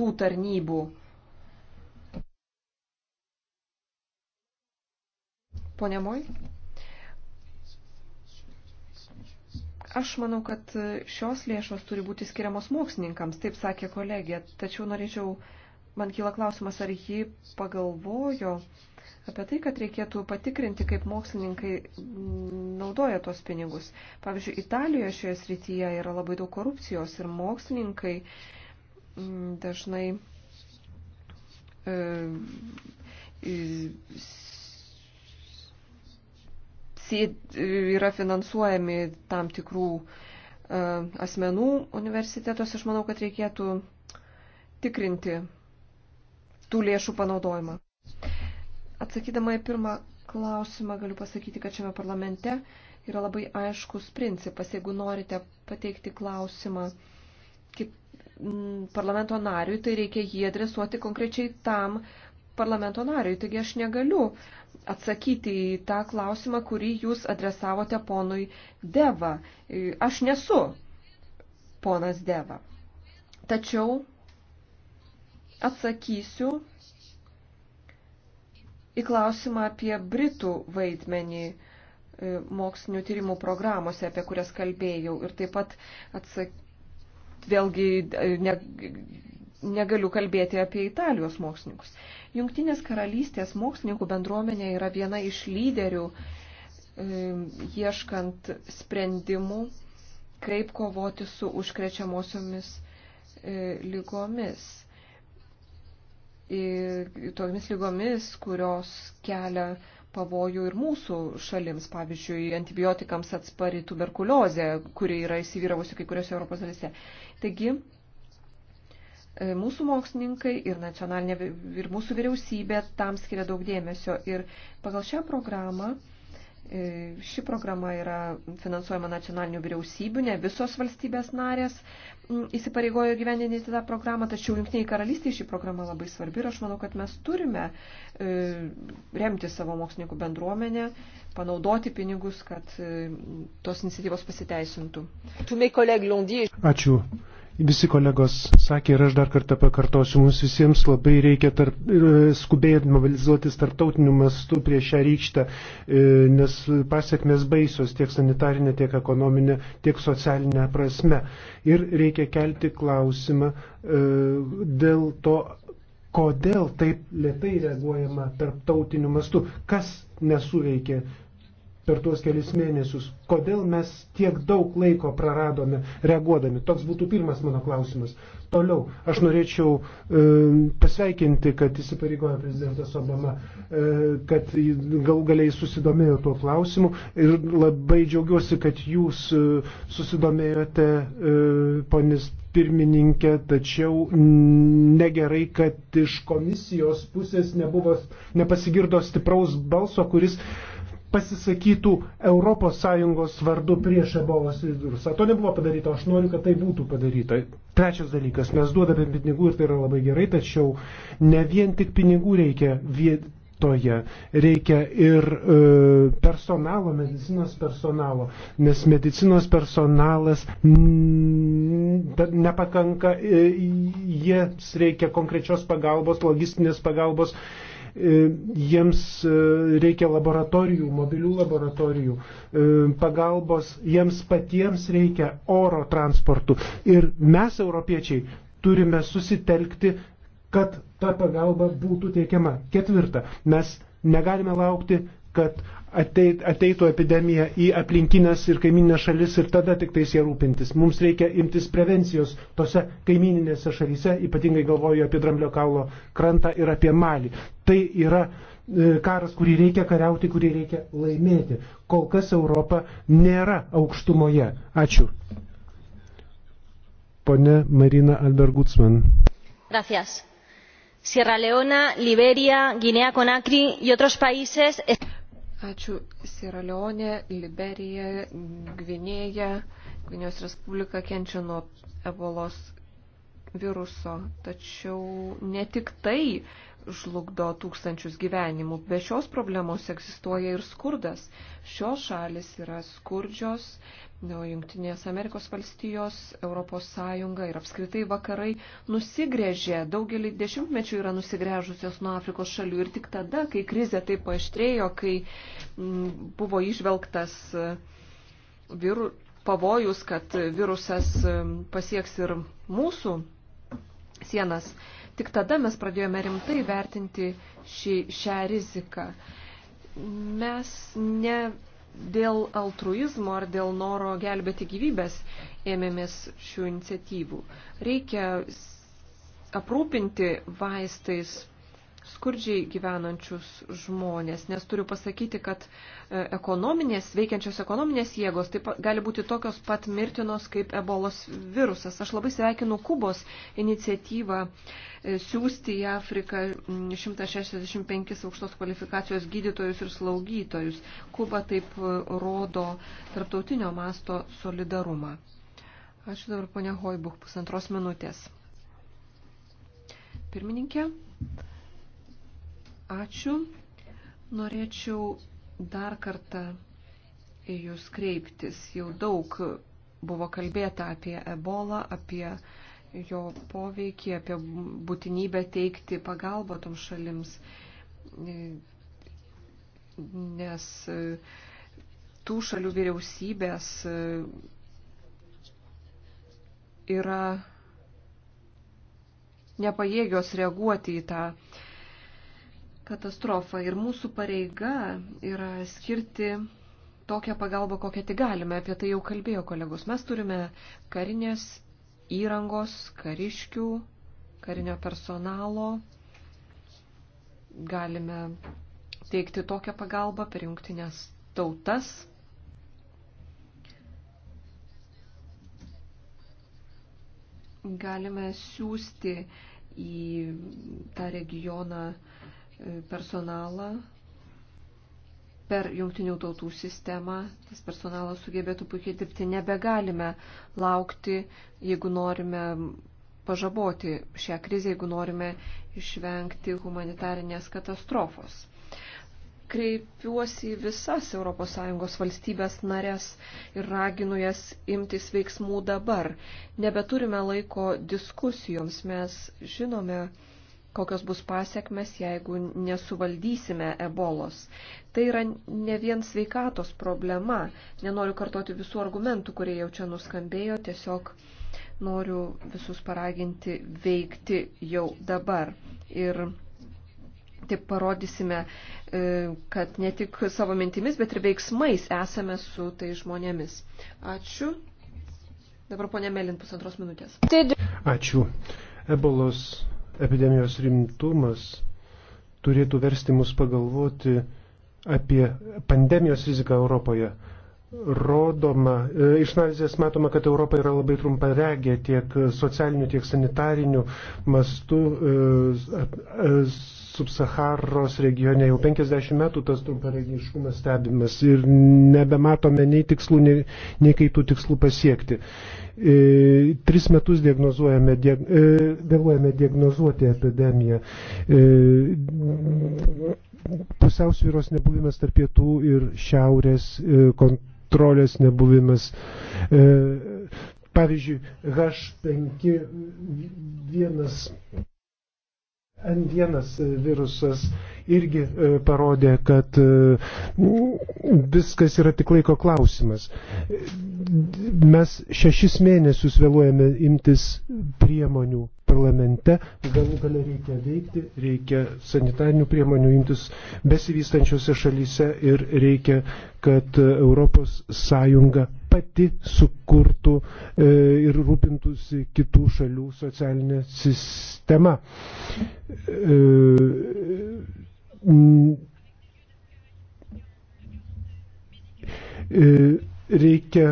tų tarnybų. Pone Moj? Aš manau, kad šios lėšos turi būti skiriamos mokslininkams, taip sakė kolegė, tačiau norėčiau, man kyla klausimas, ar ji pagalvojo, apie tai, kad reikėtų patikrinti, kaip mokslininkai naudoja tos pinigus. Pavyzdžiui, Italijoje šioje srityje yra labai daug korupcijos ir mokslininkai mm, dažnai e, e, yra finansuojami tam tikrų e, asmenų universitetos, aš manau, kad reikėtų tikrinti tų lėšų panaudojimą. Atsakydama į pirmą klausimą galiu pasakyti, kad šiame parlamente yra labai aiškus principas. Jeigu norite pateikti klausimą kaip m, parlamento nariui, tai reikia jį adresuoti konkrečiai tam parlamento nariui. Taigi aš negaliu atsakyti į tą klausimą, kurį jūs adresavote ponui Deva. E, aš nesu ponas Deva. Tačiau atsakysiu į klausimą apie Britų vaidmenį e, mokslinių tyrimų programuose, apie kurias kalbėjau. Ir taip pat atsak... vėlgi e, ne... negaliu kalbėti apie Italijos mokslininkus. Jungtinės karalystės mokslininkų bendruomenė yra viena iš lyderių e, ieškant sprendimų, kaip kovoti su užkrečiamosiomis lygomis tomis lygomis, kurios kelia pavojų ir mūsų šalims, pavyzdžiui, antibiotikams atspari tuberkuliozė, kuri yra įsivyravusi kai kuriuose Europos dalyse. Taigi, e, mūsų mokslininkai ir nacionalinė ir mūsų vyriausybė tam skiria daug dėmesio. Ir pagal šią programą E, ši programa yra finansuojama nacionalinių vyriausybių, ne visos valstybės narės mm, įsipareigojo gyveninti tą programą, tačiau Junktiniai karalystiai ši programa labai svarbi ir aš manau, kad mes turime e, remti savo mokslininkų bendruomenę, panaudoti pinigus, kad e, tos iniciatyvos pasiteisintų. Ačiū Visi kolegos sakė ir aš dar kartą pakartosiu, mums visiems labai reikia tarp, e, skubiai mobilizuotis tarptautiniu mastu prieš šią rykštę, e, nes pasiekmes baisios tiek sanitarinė, tiek ekonominė, tiek socialinė prasme. Ir reikia kelti klausimą e, dėl to, kodėl taip lietai reaguojama tarptautiniu mastu, kas nesuveikė per tuos kelius mėnesius? Kodėl mes tiek daug laiko praradome reaguodami? Toks būtų pirmas mano klausimas. Toliau, aš norėčiau e, pasveikinti, kad įsipareigojo prezidentas Obama, e, kad gal galiai susidomėjo tuo klausimu ir labai džiaugiuosi, kad jūs e, susidomėjote, e, ponis pirmininkė, tačiau negerai, kad iš komisijos pusės nebuvos, nepasigirdo stipraus balso, kuris e, pasisakytų ES vardu prieš ebolos virusą. To nebuvo padaryta, aš noriu, kad tai būtų padaryta. Trečias dalykas, mes duodame pinigų ir tai yra labai gerai, tačiau ne vien tik pinigų reikia vietoje, reikia ir e, personalo, medicinos personalo, nes medicinos personalas m, nepakanka, e, jiems reikia konkrečios pagalbos, logistinės pagalbos. E, E, jiems e, reikia laboratorijų, mobilių laboratorijų, e, pagalbos, jiems patiems reikia oro transportų. Ir mes, europiečiai, turime susitelkti, kad ta pagalba būtų teikiama. Ketvirta, mes negalime laukti, kad ateit, ateitų epidemija į aplinkinės ir kaimininės šalis ir tada tik tais jie rūpintis. Mums reikia imtis prevencijos tose kaimininėse šalyse, ypatingai galvoju apie Dramblio kaulo krantą ir apie Malį. Tai yra e, karas, kurį reikia kariauti, kurį reikia laimėti. Kol kas Europa nėra aukštumoje. Ačiū. Pone Marina Albergutsman. Gracias. Sierra Leona, Liberia, Guinea Conakry y otros países. Ačiū Siraleonė, Liberija, Gvinėja, Gvinėjos Respublika kenčia nuo ebolos viruso. Tačiau ne tik tai žlugdo tūkstančius gyvenimų. Be šios problemos egzistuoja ir skurdas. Šios šalis yra skurdžios, o Junktinės Amerikos valstijos, Europos Sąjunga ir apskritai vakarai nusigrėžė, daugelį dešimtmečių yra nusigrėžusios nuo Afrikos šalių ir tik tada, kai krizė taip paštrėjo, kai m, mm, buvo išvelgtas e, viru, pavojus, kad virusas e, pasieks ir mūsų sienas, Tik tada mes pradėjome rimtai vertinti šį, šią riziką. Mes ne dėl altruizmo ar dėl noro gelbėti gyvybės ėmėmės šių iniciatyvų. Reikia aprūpinti vaistais skurdžiai gyvenančius žmonės, nes turiu pasakyti, kad e, ekonominės, veikiančios ekonominės jėgos taip gali būti tokios pat mirtinos kaip ebolos virusas. Aš labai sveikinu Kubos iniciatyvą e, siūsti į Afriką 165 aukštos kvalifikacijos gydytojus ir slaugytojus. Kuba taip e, rodo tarptautinio masto solidarumą. Ačiū dabar ponia Hoibuk, pusantros minutės. Pirmininkė. Ačiū. Norėčiau dar kartą į Jūs kreiptis. Jau daug buvo kalbėta apie ebolą, apie jo poveikį, apie būtinybę teikti pagalbą toms šalims, nes tų šalių vyriausybės yra nepajėgios reaguoti į tą uh, katastrofą ir mūsų pareiga yra skirti tokią pagalbą, kokią tik galime. Apie tai jau kalbėjo kolegos. Mes turime karinės įrangos, kariškių, karinio personalo. Galime teikti tokią pagalbą per jungtinės tautas. Galime siūsti į tą regioną uh, personalą per jungtinių tautų sistemą, tas personalas sugebėtų puikiai dirbti. Nebegalime laukti, jeigu norime pažaboti šią krizę, jeigu norime išvengti humanitarinės katastrofos. Kreipiuosi visas ES valstybės narės ir raginu jas imtis veiksmų dabar. Nebeturime laiko diskusijoms, mes žinome, kokios bus pasiekmes, jeigu nesuvaldysime ebolos. Tai yra ne vien sveikatos problema. Nenoriu kartoti visų argumentų, kurie jau čia nuskambėjo, tiesiog noriu visus paraginti veikti jau dabar. Ir taip parodysime, e, kad ne tik savo mintimis, bet ir veiksmais esame su tai žmonėmis. Ačiū. Dabar ponė Melin pusantros minutės. Ačiū. Ebolos epidemijos rimtumas turėtų versti mus pagalvoti apie pandemijos riziką Europoje. Rodoma, e, iš analizės matoma, kad Europa yra labai trumpa regė tiek socialinių, tiek sanitarinių mastų. E, e, subsaharos regione jau 50 metų tas trumparegiškumas stebimas ir nebematome nei tikslų, nei, nei kaip tų tikslų pasiekti. E, tris metus diagnozuojame, diag, e, vėluojame diagnozuoti epidemiją. E, pusiausvyros nebuvimas tarp pietų ir šiaurės, kontrolės nebuvimas. Pavyzdžiui, H5 vienas N1 e, virusas irgi e, parodė, kad e, viskas yra tik laiko klausimas. Mes šešis mėnesius vėluojame imtis priemonių parlamente, galų gale reikia veikti, reikia sanitarinių priemonių imtis besivystančiose šalyse ir reikia, kad Europos Sąjunga pati sukurtų e, ir rūpintųsi kitų šalių socialinė sistema. E, e, reikia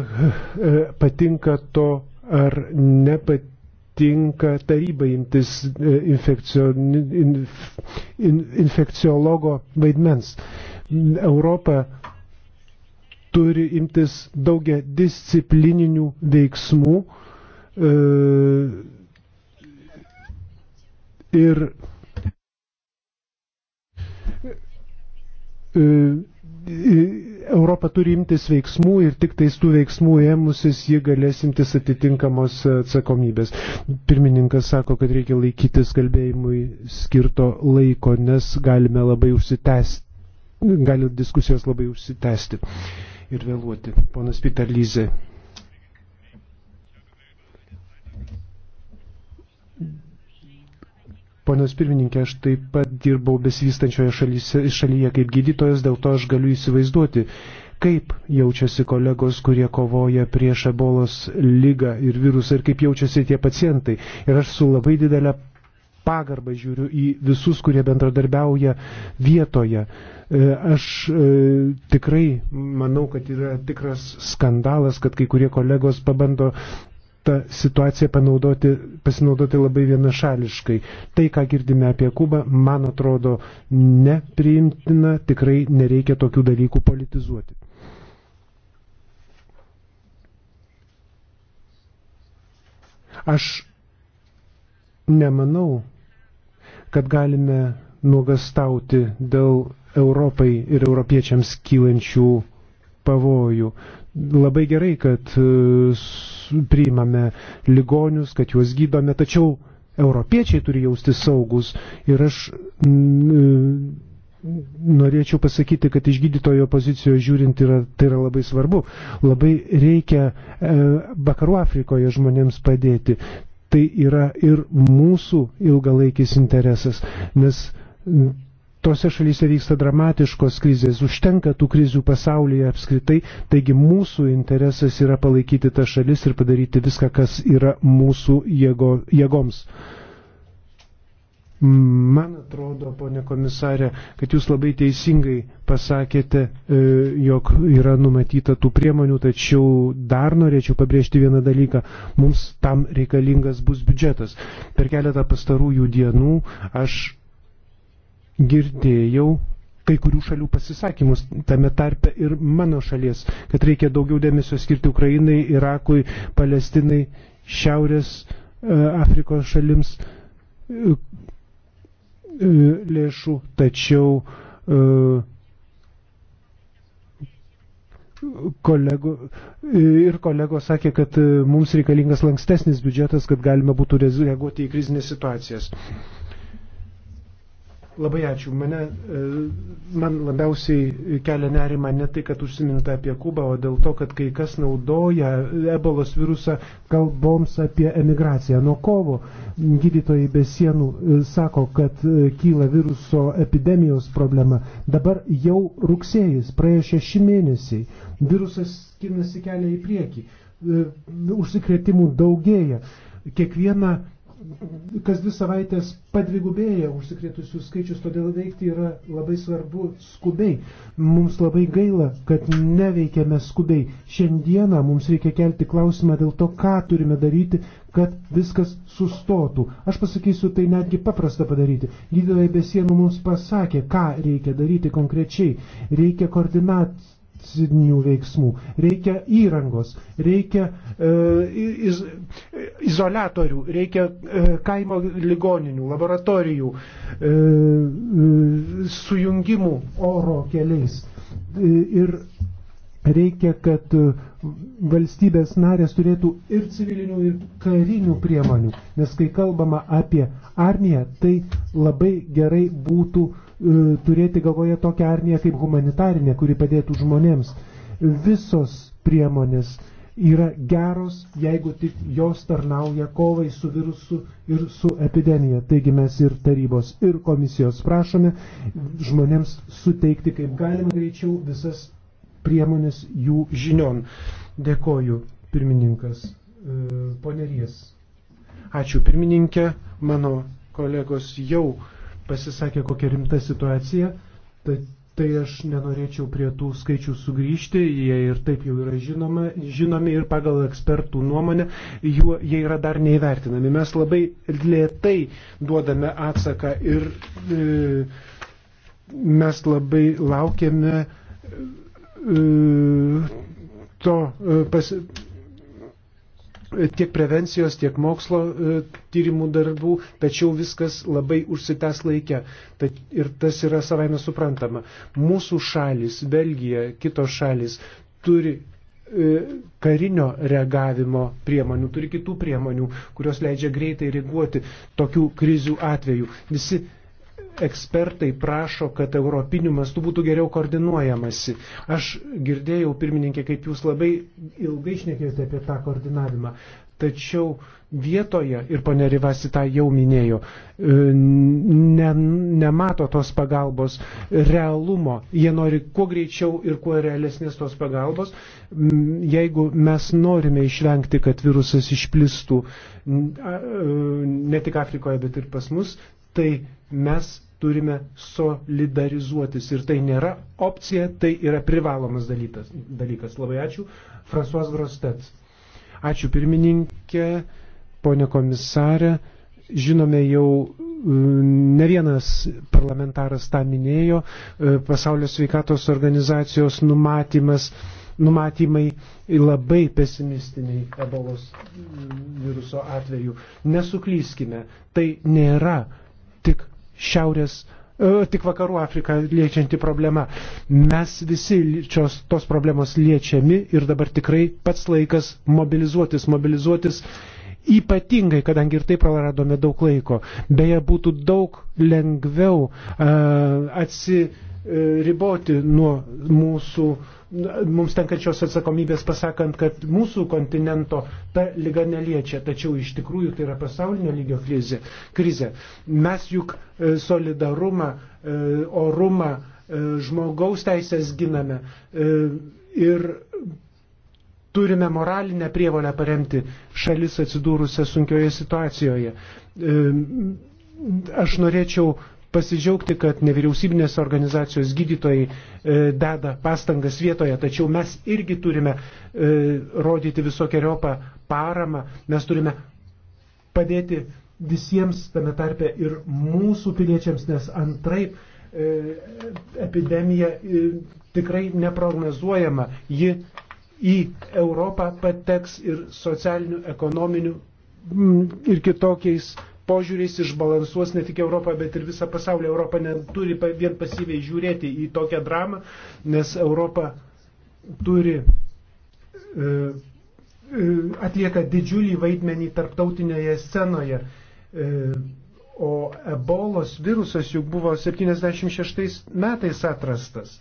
patinka to ar nepatinka tinka taryba imtis infekcio, in, in, infekciologo vaidmens. Europa turi imtis daugia disciplininių veiksmų e, ir e, Europa turi imtis veiksmų ir tik tais tų veiksmų ėmusis ji galės imtis atitinkamos atsakomybės. Pirmininkas sako, kad reikia laikytis kalbėjimui skirto laiko, nes galime labai užsitęsti, gali diskusijos labai užsitęsti ir vėluoti. Ponas Peter Lyze. Ponas pirmininkė, aš taip pat dirbau besivystančioje šalyse, šalyje kaip gydytojas, dėl to aš galiu įsivaizduoti, kaip jaučiasi kolegos, kurie kovoja prieš ebolos lygą ir virusą ir kaip jaučiasi tie pacientai. Ir aš su labai didelė pagarbą žiūriu į visus, kurie bendradarbiauja vietoje. E, aš e, tikrai manau, kad yra tikras skandalas, kad kai kurie kolegos pabando tą situaciją panaudoti, pasinaudoti labai vienašališkai. Tai, ką girdime apie Kubą, man atrodo nepriimtina, tikrai nereikia tokių dalykų politizuoti. Aš Nemanau, kad galime nuogastauti dėl Europai ir europiečiams kylančių pavojų. Labai gerai, kad e, priimame ligonius, kad juos gydome, tačiau europiečiai turi jausti saugus ir aš e, norėčiau pasakyti, kad iš gydytojo pozicijos žiūrint yra, tai yra labai svarbu. Labai reikia e, Bakarų Afrikoje žmonėms padėti tai yra ir mūsų ilgalaikis interesas, nes tose šalyse vyksta dramatiškos krizės, užtenka tų krizių pasaulyje apskritai, taigi mūsų interesas yra palaikyti tas šalis ir padaryti viską, kas yra mūsų jėgo, jėgoms. Man atrodo, ponė komisarė, kad jūs labai teisingai pasakėte, e, jog yra numatyta tų priemonių, tačiau dar norėčiau pabrėžti vieną dalyką. Mums tam reikalingas bus biudžetas. Per keletą pastarųjų dienų aš girdėjau kai kurių šalių pasisakymus, tame tarpe ir mano šalies, kad reikia daugiau dėmesio skirti Ukrainai, Irakui, Palestinai, Šiaurės e, Afrikos šalims E, lėšų, tačiau e, kolegų, e, ir kolegos sakė, kad mums reikalingas lankstesnis biudžetas, kad galima būtų reaguoti į krizinės situacijas. Labai ačiū. Mane, e, man labiausiai kelia nerima ne tai, kad užsiminta apie Kubą, o dėl to, kad kai kas naudoja ebolos virusą kalboms apie emigraciją. Nuo kovo gydytojai be sienų e, sako, kad e, kyla viruso epidemijos problema. Dabar jau rugsėjais, praėjo šeši mėnesiai, virusas skinasi kelią į priekį, užsikrėtimų daugėja. Kiekvieną kas dvi savaitės padvigubėja užsikrėtusių skaičius, todėl veikti yra labai svarbu skubiai. Mums labai gaila, kad neveikiame skubiai. Šiandieną mums reikia kelti klausimą dėl to, ką turime daryti, kad viskas sustotų. Aš pasakysiu, tai netgi paprasta padaryti. Gydytojai be sienų mums pasakė, ką reikia daryti konkrečiai. Reikia koordinacijos korekcinių veiksmų, reikia įrangos, reikia e, iz, izolatorių, reikia e, kaimo ligoninių, laboratorijų, e, e sujungimų oro keliais. E, ir reikia, kad e, valstybės narės turėtų ir civilinių, ir karinių priemonių. Nes kai kalbama apie armiją, tai labai gerai būtų E, turėti galvoje tokią armiją kaip humanitarinė, kuri padėtų žmonėms. Visos priemonės yra geros, jeigu tik jos tarnauja kovai su virusu ir su epidemija. Taigi mes ir tarybos, ir komisijos prašome žmonėms suteikti kaip galima greičiau visas priemonės jų žinion. Dėkoju, pirmininkas. E, Ponerijas. Ačiū pirmininkė, mano kolegos jau pasisakė, kokia rimta situacija, tai, tai aš nenorėčiau prie tų skaičių sugrįžti, jie ir taip jau yra žinoma, žinomi ir pagal ekspertų nuomonę, jų, jie yra dar neįvertinami. Mes labai lėtai duodame atsaką ir e, mes labai laukiame e, to e, pasi tiek prevencijos, tiek mokslo e, tyrimų darbų, tačiau viskas labai užsitęs laikę. Ir tas yra savaime suprantama. Mūsų šalis, Belgija, kitos šalis turi e, karinio reagavimo priemonių, turi kitų priemonių, kurios leidžia greitai reaguoti tokių krizių atveju. Visi ekspertai prašo, kad europiniu mastu būtų geriau koordinuojamasi. Aš girdėjau, pirmininkė, kaip jūs labai ilgai išnekėjote apie tą koordinavimą. Tačiau vietoje, ir ponė Rivasi tą jau minėjo, e, ne, nemato tos pagalbos realumo. Jie nori kuo greičiau ir kuo realesnės tos pagalbos. Jeigu mes norime išvengti, kad virusas išplistų e, ne tik Afrikoje, bet ir pas mus, tai mes turime solidarizuotis. Ir tai nėra opcija, tai yra privalomas dalykas. dalykas. Labai ačiū. Fransuas Grostets. Ačiū pirmininkė, ponė komisarė. Žinome jau e, ne vienas parlamentaras tą minėjo, e, pasaulio sveikatos organizacijos numatymas, numatymai labai pesimistiniai ebolos viruso atveju. Nesuklyskime, tai nėra tik šiaurės e, tik vakarų Afriką liečianti problema. Mes visi šios, tos problemos liečiami ir dabar tikrai pats laikas mobilizuotis, mobilizuotis ypatingai, kadangi ir taip praradome daug laiko. Beje, būtų daug lengviau uh, atsi E, riboti nuo mūsų, mums tenkačios atsakomybės pasakant, kad mūsų kontinento ta lyga neliečia, tačiau iš tikrųjų tai yra pasaulinio lygio krizė. krizė. Mes juk e, solidarumą, e, orumą, žmogaus teisės giname ir turime moralinę prievolę paremti šalis atsidūrusią sunkioje situacijoje. Aš norėčiau pasidžiaugti, kad nevyriausybinės organizacijos gydytojai e, deda pastangas vietoje, tačiau mes irgi turime e, rodyti visokiojopą paramą, mes turime padėti visiems tame tarpe ir mūsų piliečiams, nes antraip e, epidemija e, tikrai neprognozuojama. Ji į Europą pateks ir socialinių, ekonominių m, mm, ir kitokiais požiūriais išbalansuos ne tik Europą, bet ir visą pasaulį. Europą neturi vien pasyviai žiūrėti į tokią dramą, nes Europa turi e, e, atlieka didžiulį vaidmenį tarptautinėje scenoje. E, o ebolos virusas juk buvo 76 metais atrastas,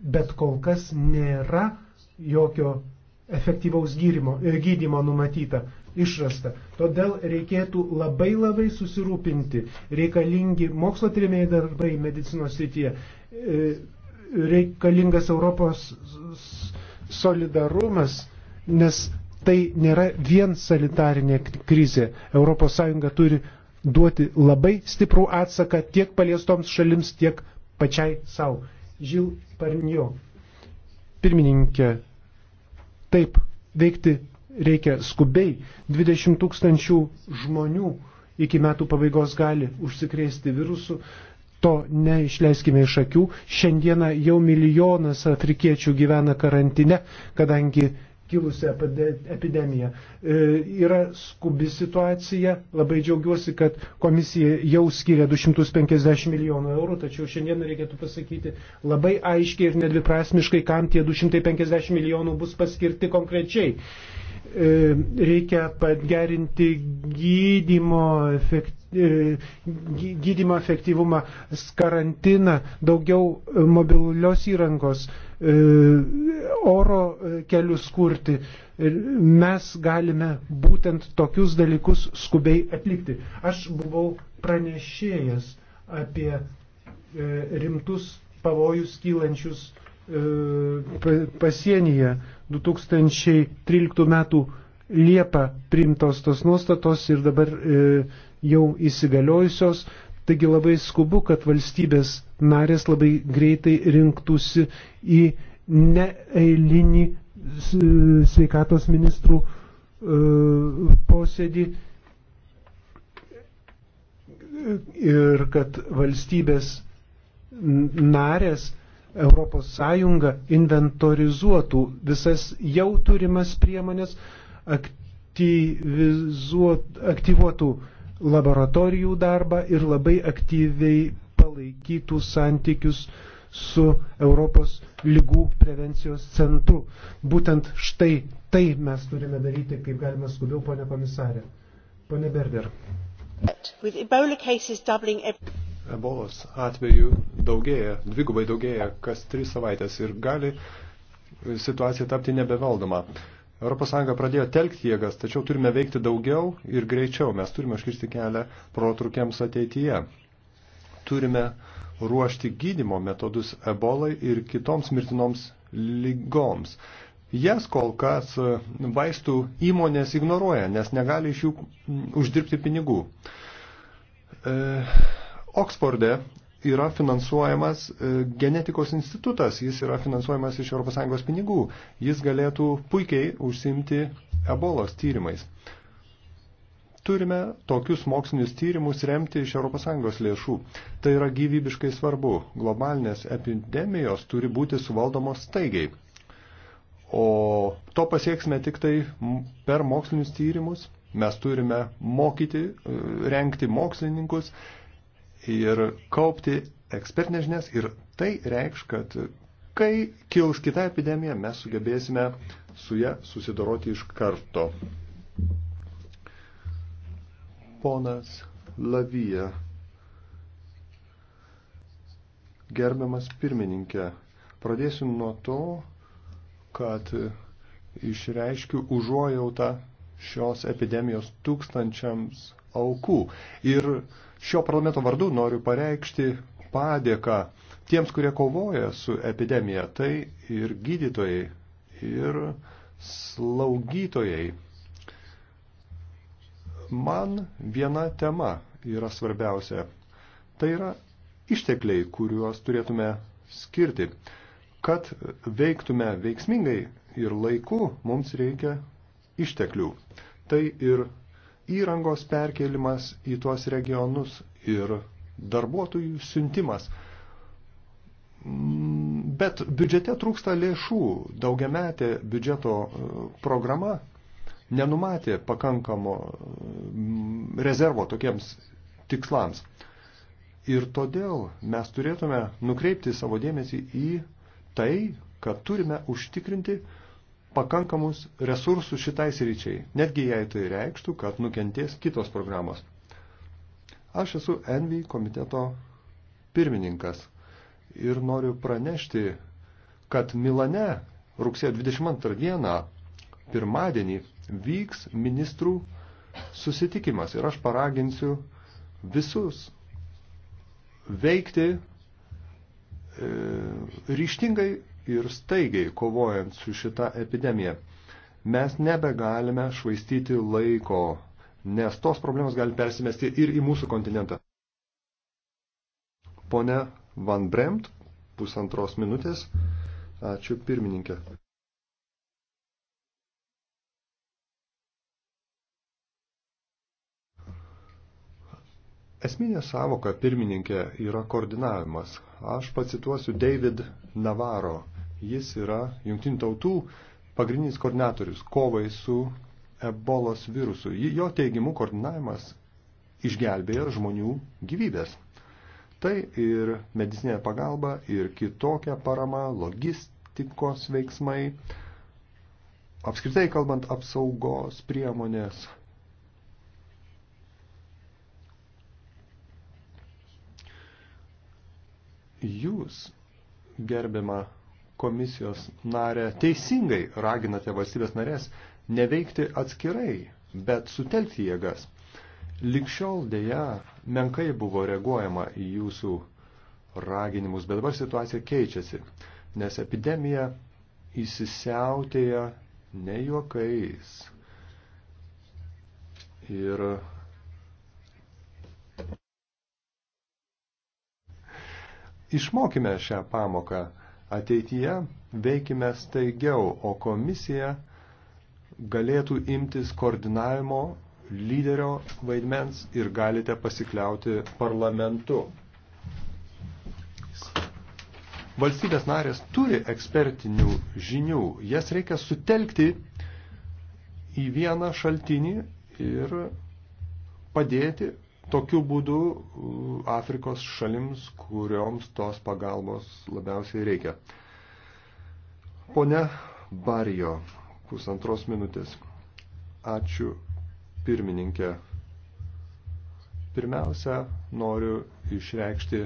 bet kol kas nėra jokio efektyvaus gyrimo, gydymo numatyta išrasta. Todėl reikėtų labai labai susirūpinti. Reikalingi mokslo trimėjai darbai medicinos srityje. E, reikalingas Europos solidarumas, nes tai nėra vien sanitarinė krizė. ES turi duoti labai stiprų atsaką tiek paliestoms šalims, tiek pačiai savo. Žil Parnio. Pirmininkė, taip, veikti reikia skubiai. 20 tūkstančių žmonių iki metų pabaigos gali užsikrėsti virusų. To neišleiskime iš akių. Šiandieną jau milijonas afrikiečių gyvena karantine, kadangi kilusi epidemija. E, yra skubi situacija. Labai džiaugiuosi, kad komisija jau skiria 250 milijonų eurų, tačiau šiandien reikėtų pasakyti labai aiškiai ir nedviprasmiškai, kam tie 250 milijonų bus paskirti konkrečiai. E, reikia pagerinti gydymo, efekt, e, gydymo efektyvumą, karantiną, daugiau mobilios įrangos, e, oro kelius kurti. Mes galime būtent tokius dalykus skubiai atlikti. Aš buvau pranešėjęs apie rimtus pavojus kylančius pasienyje 2013 m. Liepa priimtos tos nuostatos ir dabar e, jau įsigaliojusios. Taigi labai skubu, kad valstybės narės labai greitai rinktųsi į neeilinį sveikatos ministrų e, posėdį ir kad valstybės narės ES inventorizuotų visas jau turimas priemonės, aktyvuotų laboratorijų darbą ir labai aktyviai palaikytų santykius su Europos lygų prevencijos centru. Būtent štai tai mes turime daryti, kaip galima skubiau, ponė komisarė. Pone Berger. With Ebola cases doubling every ebolos atveju daugėja, dvigubai daugėja kas tris savaitės ir gali situacija tapti nebevaldoma. ES pradėjo telkti jėgas, tačiau turime veikti daugiau ir greičiau. Mes turime iškirsti kelią protrukiams ateityje. Turime ruošti gydimo metodus ebolai ir kitoms mirtinoms lygoms. Jas kol kas e, vaistų įmonės ignoruoja, nes negali iš jų uždirbti pinigų. E Oksforde yra finansuojamas e, genetikos institutas, jis yra finansuojamas iš ES pinigų. Jis galėtų puikiai užsimti ebolos tyrimais. Turime tokius mokslinius tyrimus remti iš ES lėšų. Tai yra gyvybiškai svarbu. Globalinės epidemijos turi būti suvaldomos staigiai. O to pasieksime tik tai per mokslinius tyrimus. Mes turime mokyti, e, renkti mokslininkus ir kaupti ekspertinės žinias ir tai reikš, kad kai kils kita epidemija, mes sugebėsime su ją susidoroti iš karto. Ponas Lavija, gerbiamas pirmininkė, pradėsiu nuo to, kad išreiškiu užuojautą šios epidemijos tūkstančiams aukų. Ir šio parlamento vardu noriu pareikšti padėką tiems, kurie kovoja su epidemija, tai ir gydytojai, ir slaugytojai. Man viena tema yra svarbiausia. Tai yra ištekliai, kuriuos turėtume skirti. Kad veiktume veiksmingai ir laiku, mums reikia išteklių. Tai ir įrangos perkelimas į tuos regionus ir darbuotojų siuntimas. Bet biudžete trūksta lėšų. Daugiametė biudžeto e, programa nenumatė pakankamo rezervo tokiems tikslams. Ir todėl mes turėtume nukreipti savo dėmesį į tai, kad turime užtikrinti, pakankamus resursus šitai sričiai, netgi jei tai reikštų, kad nukentės kitos programos. Aš esu Envy komiteto pirmininkas ir noriu pranešti, kad Milane rugsėjo 22 dieną pirmadienį vyks ministrų susitikimas ir aš paraginsiu visus veikti e, ryštingai ir staigiai kovojant su šita epidemija. Mes nebegalime švaistyti laiko, nes tos problemos gali persimesti ir į mūsų kontinentą. Pone Van Bremt, pusantros minutės. Ačiū pirmininkė. Esminė savoka pirmininkė yra koordinavimas. Aš pacituosiu David Navaro, Jis yra jungtinių tautų pagrindinis koordinatorius kovai su ebolos virusu. Jo teigimų koordinavimas išgelbėjo žmonių gyvybės. Tai ir medicinė pagalba, ir kitokia parama, logistikos veiksmai, apskritai kalbant apsaugos priemonės. Jūs, gerbiama komisijos narę, teisingai raginate valstybės narės neveikti atskirai, bet sutelkti jėgas. Likščiol dėja menkai buvo reaguojama į jūsų raginimus, bet dabar situacija keičiasi, nes epidemija įsisiautėja ne juokais. Ir išmokime šią pamoką Ateityje veikime staigiau, o komisija galėtų imtis koordinavimo lyderio vaidmens ir galite pasikliauti parlamentu. Valstybės narės turi ekspertinių žinių, jas reikia sutelkti į vieną šaltinį ir padėti Tokiu būdu uh, Afrikos šalims, kurioms tos pagalbos labiausiai reikia. Pone Barijo, pusantros minutės. Ačiū pirmininkė. Pirmiausia, noriu išreikšti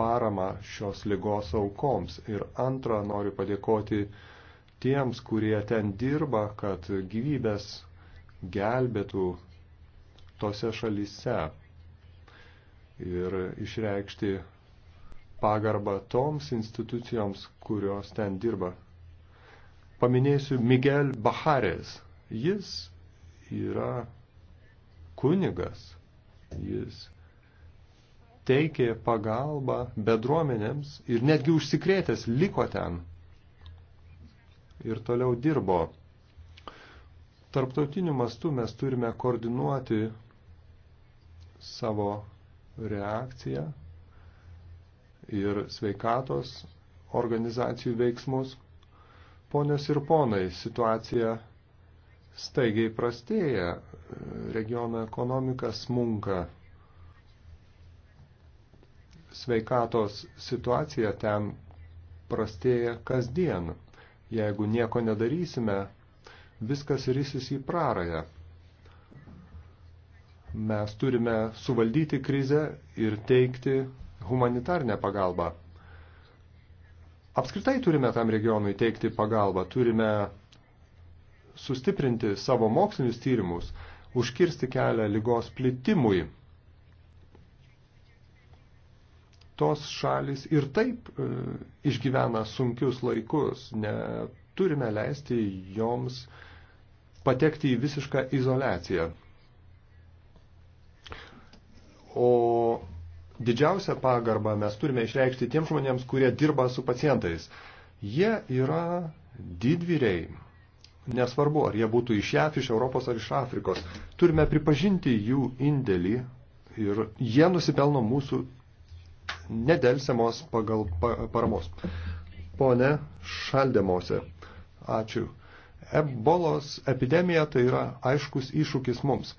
paramą šios lygos aukoms ir antra, noriu padėkoti tiems, kurie ten dirba, kad gyvybės gelbėtų tose šalyse ir išreikšti pagarbą toms institucijoms, kurios ten dirba. Paminėsiu Miguel Baharės. Jis yra kunigas. Jis teikė pagalbą bedruomenėms ir netgi užsikrėtęs liko ten ir toliau dirbo. Tarptautiniu mastu mes turime koordinuoti savo reakciją ir sveikatos organizacijų veiksmus. Ponios ir ponai, situacija staigiai prastėja, regiono ekonomika smunka, sveikatos situacija ten prastėja kasdien. Jeigu nieko nedarysime, viskas rysis į prarąją. Mes turime suvaldyti krizę ir teikti humanitarnę pagalbą. Apskritai turime tam regionui teikti pagalbą, turime sustiprinti savo mokslinius tyrimus, užkirsti kelią lygos plitimui. Tos šalis ir taip e, išgyvena sunkius laikus, neturime leisti joms patekti į visišką izolaciją. O didžiausią pagarbą mes turime išreikšti tiem žmonėms, kurie dirba su pacientais. Jie yra didvyriai. Nesvarbu, ar jie būtų iš JAF, iš Europos ar iš Afrikos. Turime pripažinti jų indėlį ir jie nusipelno mūsų nedelsiamos pagal paramos. Pone Šaldemose, ačiū. Ebolos epidemija tai yra aiškus iššūkis mums.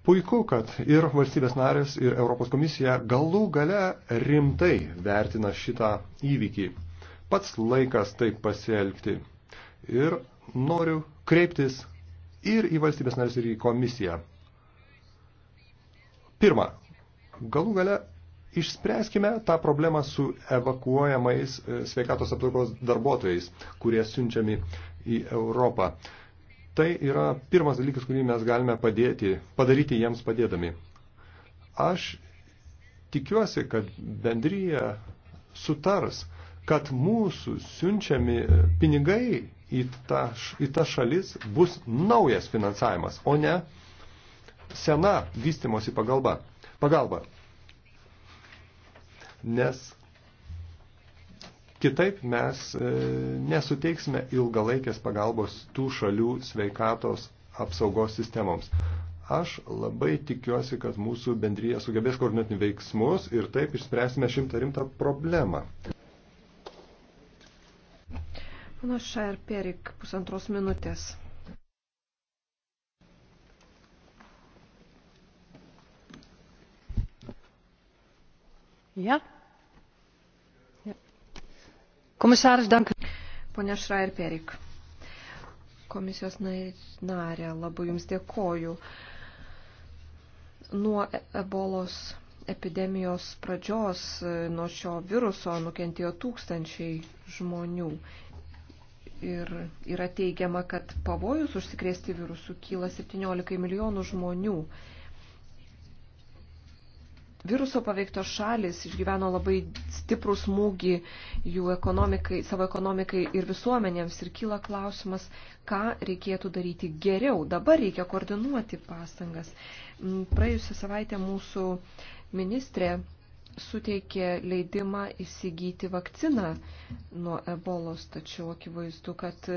Puiku, kad ir valstybės narės, ir Europos komisija galų gale rimtai vertina šitą įvykį. Pats laikas taip pasielgti. Ir noriu kreiptis ir į valstybės narės, ir į komisiją. Pirma, galų gale išspręskime tą problemą su evakuojamais e, sveikatos apsaugos darbuotojais, kurie siunčiami į Europą tai yra pirmas dalykas, kurį mes galime padėti, padaryti jiems padėdami. Aš tikiuosi, kad bendryje sutars, kad mūsų siunčiami pinigai į tą, į tą šalis bus naujas finansavimas, o ne sena vystimosi pagalba. pagalba. Nes Kitaip mes e, nesuteiksime ilgalaikės pagalbos tų šalių sveikatos apsaugos sistemoms. Aš labai tikiuosi, kad mūsų bendryje sugebės koordinuoti veiksmus ir taip išspręsime šimtą rimtą problemą. Pana Šair Perik, pusantros minutės. Ja. Komisaras, dank. Pone Šrair Perik, komisijos narė, labai Jums dėkoju. Nuo e- ebolos epidemijos pradžios e, nuo šio viruso nukentėjo tūkstančiai žmonių. Ir yra teigiama, kad pavojus užsikrėsti virusų kyla 17 milijonų žmonių viruso paveiktos šalis išgyveno labai stiprų smūgį jų ekonomikai, savo ekonomikai ir visuomenėms ir kyla klausimas, ką reikėtų daryti geriau. Dabar reikia koordinuoti pastangas. Mm, praėjusią savaitę mūsų ministrė suteikė leidimą įsigyti vakciną nuo ebolos, tačiau akivaizdu, kad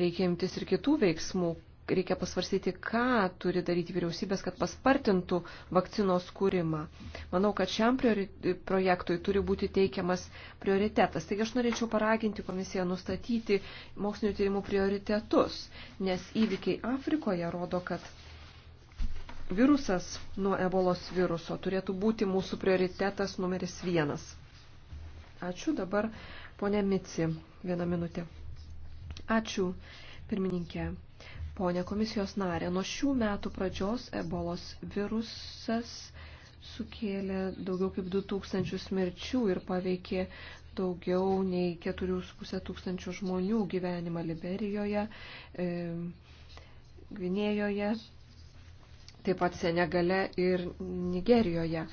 reikia imtis ir kitų veiksmų, reikia pasvarsyti, ką turi daryti vyriausybės, kad paspartintų vakcinos kūrimą. Manau, kad šiam projektui turi būti teikiamas prioritetas. Taigi aš norėčiau paraginti komisiją nustatyti mokslinio tyrimų prioritetus, nes įvykiai Afrikoje rodo, kad virusas nuo ebolos viruso turėtų būti mūsų prioritetas numeris vienas. Ačiū dabar, ponė Mici, vieną minutę. Ačiū, pirmininkė. Pone komisijos narė, nuo šių metų pradžios ebolos virusas sukėlė daugiau kaip 2000 mirčių ir paveikė daugiau nei 4,5 tūkstančių žmonių gyvenimą Liberijoje, e, Gvinėjoje, taip pat Senegale ir Nigerijoje.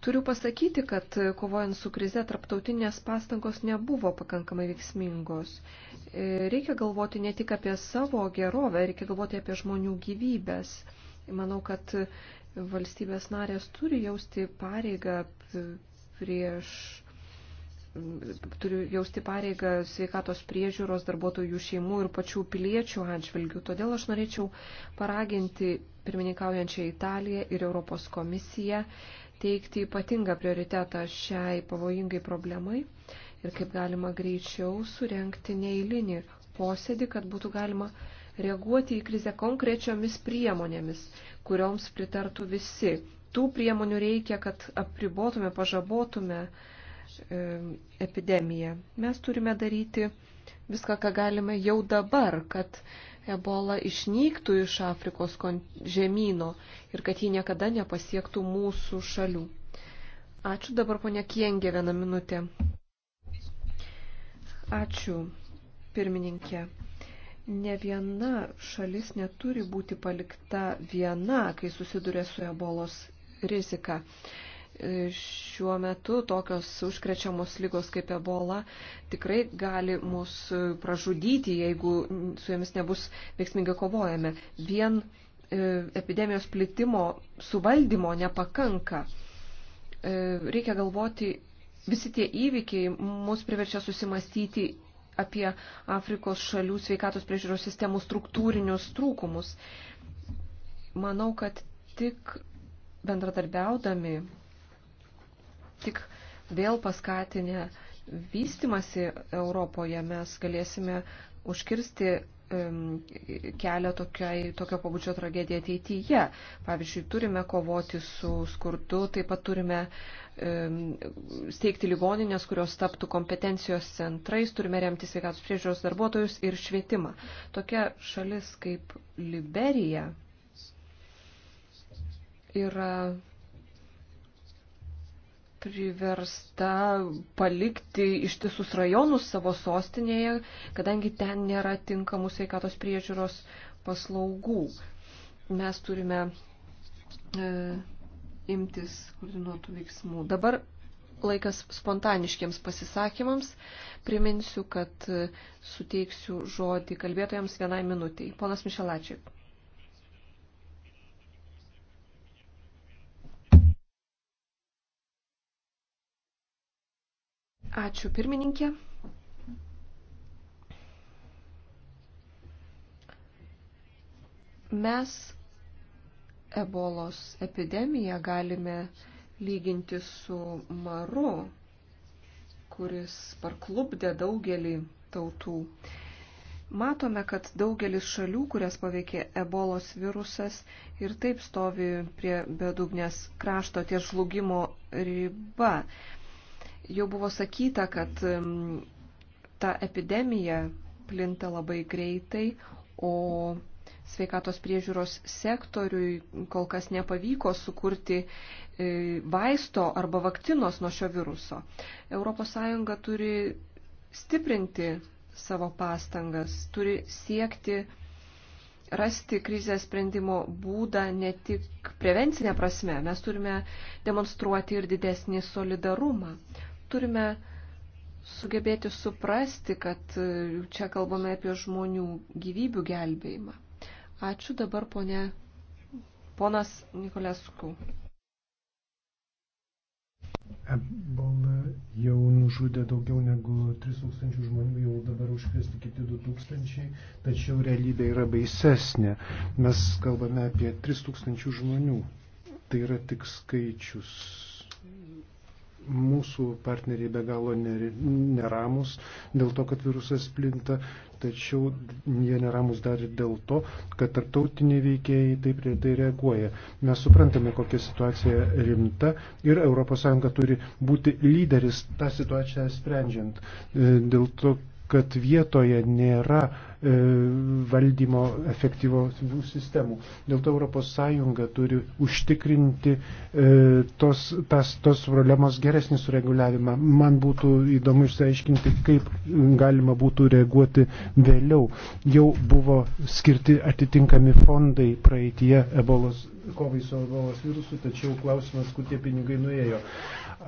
Turiu pasakyti, kad kovojant su krize tarptautinės pastangos nebuvo pakankamai veiksmingos. E, reikia galvoti ne tik apie savo gerovę, reikia galvoti apie žmonių gyvybės. Manau, kad valstybės narės turi jausti pareigą prieš turiu jausti pareigą sveikatos priežiūros darbuotojų šeimų ir pačių piliečių atžvilgių. Todėl aš norėčiau paraginti pirmininkaujančią Italiją ir Europos komisiją teikti ypatingą prioritetą šiai pavojingai problemai ir kaip galima greičiau surenkti neįlinį posėdį, kad būtų galima reaguoti į krizę konkrečiomis priemonėmis, kurioms pritartų visi. Tų priemonių reikia, kad apribotume, pažabotume e, epidemiją. Mes turime daryti viską, ką galime jau dabar, kad ebola išnyktų iš Afrikos žemynų ir kad ji niekada nepasiektų mūsų šalių. Ačiū dabar ponia Kiengė vieną minutę. Ačiū, pirmininkė. Ne viena šalis neturi būti palikta viena, kai susiduria su ebolos rizika šiuo metu tokios užkrečiamos lygos kaip ebola tikrai gali mus pražudyti, jeigu su jomis nebus veiksmingai kovojame. Vien e, epidemijos plitimo suvaldymo nepakanka. E, reikia galvoti, visi tie įvykiai mus priverčia susimastyti apie Afrikos šalių sveikatos priežiūros sistemų struktūrinius trūkumus. Manau, kad tik bendradarbiaudami tik vėl paskatinę vystimasi Europoje mes galėsime užkirsti kelia tokiai, tokio pabudžio tragediją ateityje. Pavyzdžiui, turime kovoti su skurdu, taip pat turime um, steigti ligoninės, kurios taptų kompetencijos centrais, turime remti sveikatos priežiūros darbuotojus ir švietimą. Tokia šalis kaip Liberija yra priversta palikti ištisus rajonus savo sostinėje, kadangi ten nėra tinkamų sveikatos priežiūros paslaugų. Mes turime e, imtis koordinuotų veiksmų. Dabar laikas spontaniškiams pasisakymams. Priminsiu, kad e, suteiksiu žodį kalbėtojams vienai minutiai. Ponas Mišelačiai. Ačiū pirmininkė. Mes ebolos epidemiją galime lyginti su maru, kuris parklubdė daugelį tautų. Matome, kad daugelis šalių, kurias paveikė ebolos virusas, ir taip stovi prie bedugnės krašto ties žlugimo riba. Jau buvo sakyta, kad ta epidemija plinta labai greitai, o sveikatos priežiūros sektoriui kol kas nepavyko sukurti e, vaisto arba vakcinos nuo šio viruso. ES turi stiprinti savo pastangas, turi siekti rasti krizės sprendimo būdą ne tik prevencinę prasme, mes turime demonstruoti ir didesnį solidarumą turime sugebėti suprasti, kad e, čia kalbame apie žmonių gyvybių gelbėjimą. Ačiū dabar ponė, ponas Nikolesku. Ebola jau nužudė daugiau negu 3000 žmonių, jau dabar užkrėsti kiti 2000, tačiau realybė yra baisesnė. Mes kalbame apie 3000 žmonių. Tai yra tik skaičius mūsų partneriai be galo neramus dėl to, kad virusas plinta, tačiau jie neramus dar ir dėl to, kad tarptautiniai veikėjai taip retai reaguoja. Mes suprantame, kokia situacija rimta ir ES turi būti lyderis tą situaciją sprendžiant. E, dėl to kad vietoje nėra e, valdymo efektyvių sistemų. Dėl to ES turi užtikrinti e, tos, tas, tos problemos geresnį sureguliavimą. Man būtų įdomu išsiaiškinti, kaip galima būtų reaguoti vėliau. Jau buvo skirti atitinkami fondai praeitie ebolos kovai su ebolos virusu, tačiau klausimas, kur tie pinigai nuėjo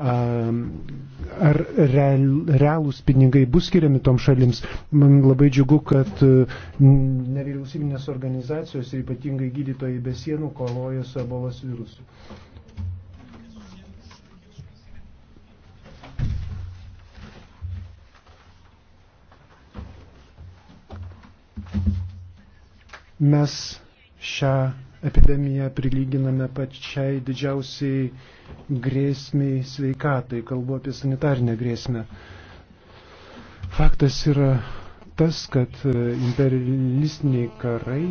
ar real, realūs pinigai bus skiriami tom šalims. Man labai džiugu, kad e, nevyriausybinės organizacijos ir ypatingai gydytojai be sienų kovoja su ebolos virusu. Mes šią epidemiją prilyginame pačiai didžiausiai grėsmiai sveikatai, kalbu apie sanitarinę grėsmę. Faktas yra tas, kad e, imperialistiniai karai,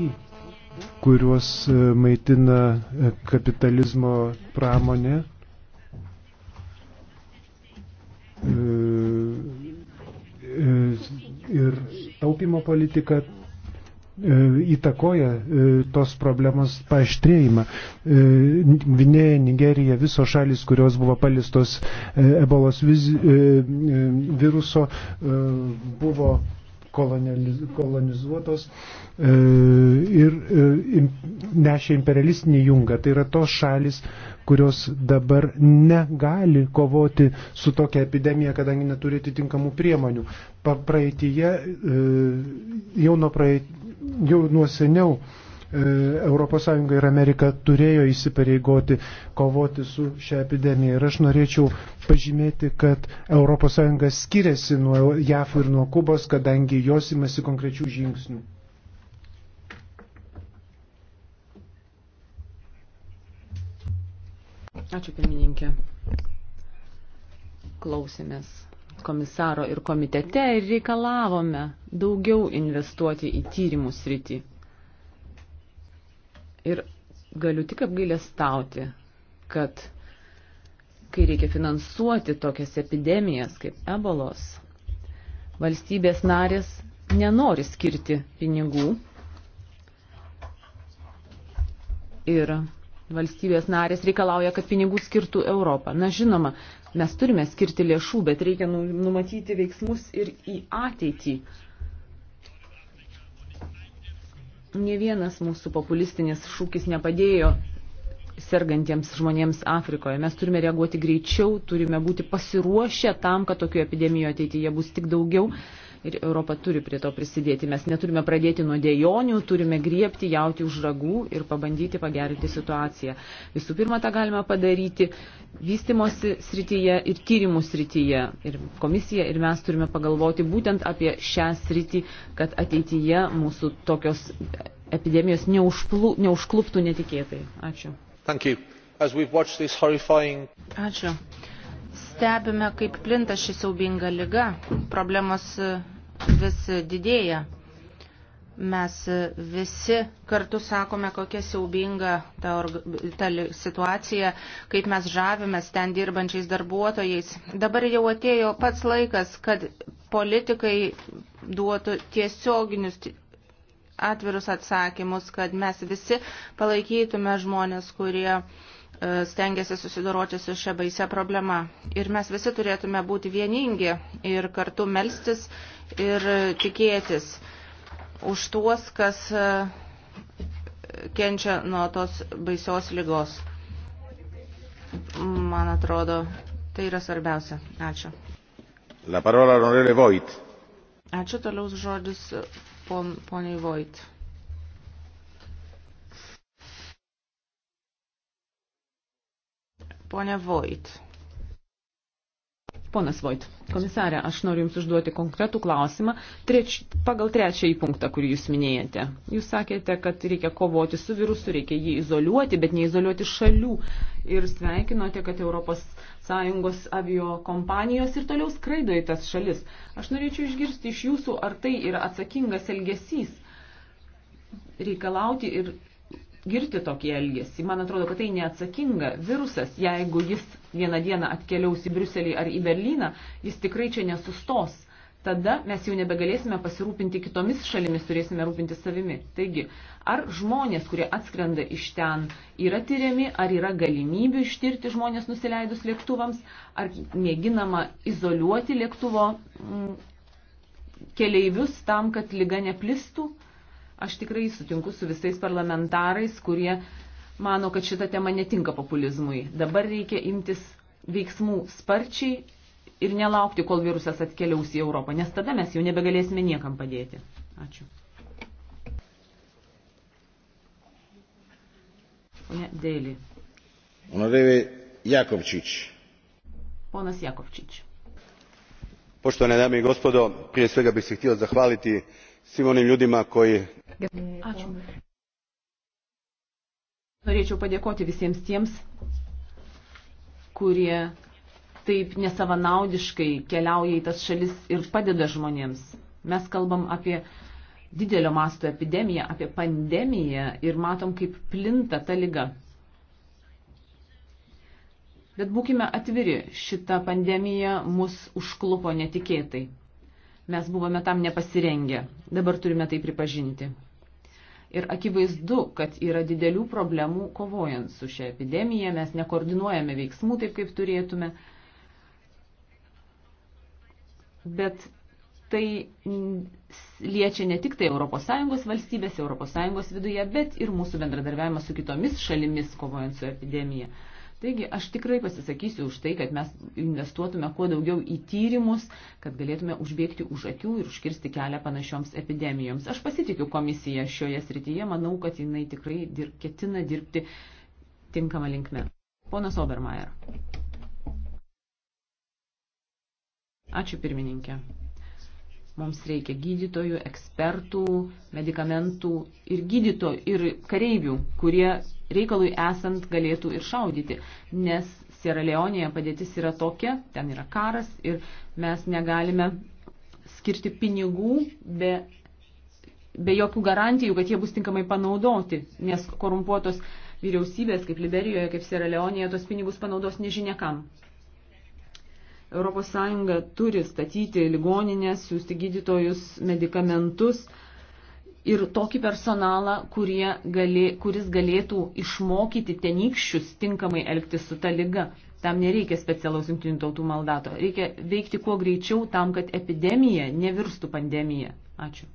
kuriuos e, maitina e, kapitalizmo pramonė, ir taupimo politika E, įtakoja e, tos problemos paštrėjimą. E, Vinėja, Nigerija, visos šalis, kurios buvo palistos ebolos viruso, buvo kolonizuotos ir nešė imperialistinį jungą. Tai yra tos šalis, kurios dabar negali kovoti su tokia epidemija, kadangi neturi atitinkamų priemonių. Praeitie, jau nuo praeitie jau nuo seniau ES ir Amerika turėjo įsipareigoti kovoti su šią epidemiją. Ir aš norėčiau pažymėti, kad ES skiriasi nuo JAF ir nuo Kubos, kadangi jos imasi konkrečių žingsnių. Ačiū pirmininkė. Klausėmės komisaro ir komitete ir reikalavome daugiau investuoti į tyrimų sritį. Ir galiu tik apgailestauti, kad kai reikia finansuoti tokias epidemijas kaip ebolos, valstybės narės nenori skirti pinigų ir valstybės narės reikalauja, kad pinigų skirtų Europą. Na žinoma, Mes turime skirti lėšų, bet reikia nu, numatyti veiksmus ir į ateitį. Ne vienas mūsų populistinis šūkis nepadėjo sergantiems žmonėms Afrikoje. Mes turime reaguoti greičiau, turime būti pasiruošę tam, kad tokių epidemijų ateityje bus tik daugiau ir Europa turi prie to prisidėti. Mes neturime pradėti nuo dėjonių, turime griepti jauti už ragų ir pabandyti pagerinti situaciją. Visų pirma, tą galime padaryti vystimosi srityje ir tyrimų srityje. Ir komisija ir mes turime pagalvoti būtent apie šią sritį, kad ateityje mūsų tokios epidemijos neužplų, neužkluptų netikėtai. Ačiū. Horrifying... Ačiū. Stebime, kaip plinta ši siaubinga lyga. Problemos e, vis didėja. Mes e, visi kartu sakome, kokia siaubinga ta, ta situacija, kaip mes žavimės ten dirbančiais darbuotojais. Dabar jau atėjo pats laikas, kad politikai duotų tiesioginius atvirus atsakymus, kad mes visi palaikytume žmonės, kurie e, stengiasi susidoroti su šia baise problema. Ir mes visi turėtume būti vieningi ir kartu melstis ir tikėtis už tuos, kas e, kenčia nuo tos baisios lygos. Man atrodo, tai yra svarbiausia. Ačiū. La parola onorevole Voigt. Ačiū toliau žodis pon, poniai Vojt. Ponia Vojt. Ponas Voit, komisarė, aš noriu Jums užduoti konkretų klausimą treč, pagal trečiąjį punktą, kurį Jūs minėjate. Jūs sakėte, kad reikia kovoti su virusu, reikia jį izoliuoti, bet neizoliuoti šalių. Ir sveikinote, kad ES avio kompanijos ir toliau skraido į tas šalis. Aš norėčiau išgirsti iš Jūsų, ar tai yra atsakingas elgesys reikalauti ir girti tokį elgesį. Man atrodo, kad tai neatsakinga. Virusas, jeigu jis vieną dieną atkeliaus į Briuselį ar į Berliną, jis tikrai čia nesustos. Tada mes jau nebegalėsime pasirūpinti kitomis šalimis, turėsime rūpinti savimi. Taigi, ar žmonės, kurie atskrenda iš ten, yra tyriami, ar yra galimybių ištirti žmonės nusileidus lėktuvams, ar mėginama izoliuoti lėktuvo mm, keleivius tam, kad lyga neplistų? Aš tikrai sutinku su visais parlamentarais, kurie mano, kad šita tema netinka populizmui. Dabar reikia imtis veiksmų sparčiai ir nelaukti, kol virusas atkeliaus į Europą, nes tada mes jau nebegalėsime niekam padėti. Ačiū. Pone Dėlį. Honorevė Jakovčič. Ponas Jakovčič. Poštovane dame i gospodo, prije svega bih se htio zahvaliti svim onim ljudima koji... Ačiū. Norėčiau padėkoti visiems tiems, kurie taip nesavanaudiškai keliauja į tas šalis ir padeda žmonėms. Mes kalbam apie didelio masto epidemiją, apie pandemiją ir matom, kaip plinta ta lyga. Bet būkime atviri, šita pandemija mus užklupo netikėtai. Mes buvome tam nepasirengę, dabar turime tai pripažinti. Ir akivaizdu, kad yra didelių problemų kovojant su šia epidemija, mes nekoordinuojame veiksmų taip, kaip turėtume. Bet tai liečia ne tik tai ES valstybės, ES viduje, bet ir mūsų bendradarbiavimą su kitomis šalimis kovojant su epidemija. Taigi aš tikrai pasisakysiu už tai, kad mes investuotume kuo daugiau į tyrimus, kad galėtume užbėgti už akių ir užkirsti kelią panašioms epidemijoms. Aš pasitikiu komisiją šioje srityje, manau, kad jinai tikrai dir ketina dirbti tinkamą linkmę. Ponas Obermeier. Ačiū pirmininkė. Mums reikia gydytojų, ekspertų, medikamentų ir gydytojų ir kareivių, kurie reikalui esant galėtų ir šaudyti, nes Sierra Leonėje padėtis yra tokia, ten yra karas ir mes negalime skirti pinigų be, be jokių garantijų, kad jie bus tinkamai panaudoti, nes korumpuotos vyriausybės kaip Liberijoje, kaip Sierra Leonėje tos pinigus panaudos nežinia kam. ES turi statyti ligoninės, siūsti gydytojus, medikamentus ir tokį personalą, gali, kuris galėtų išmokyti tenykščius tinkamai elgtis su ta lyga. Tam nereikia specialaus jungtinių tautų maldato. Reikia veikti kuo greičiau tam, kad epidemija nevirstų pandemija. Ačiū.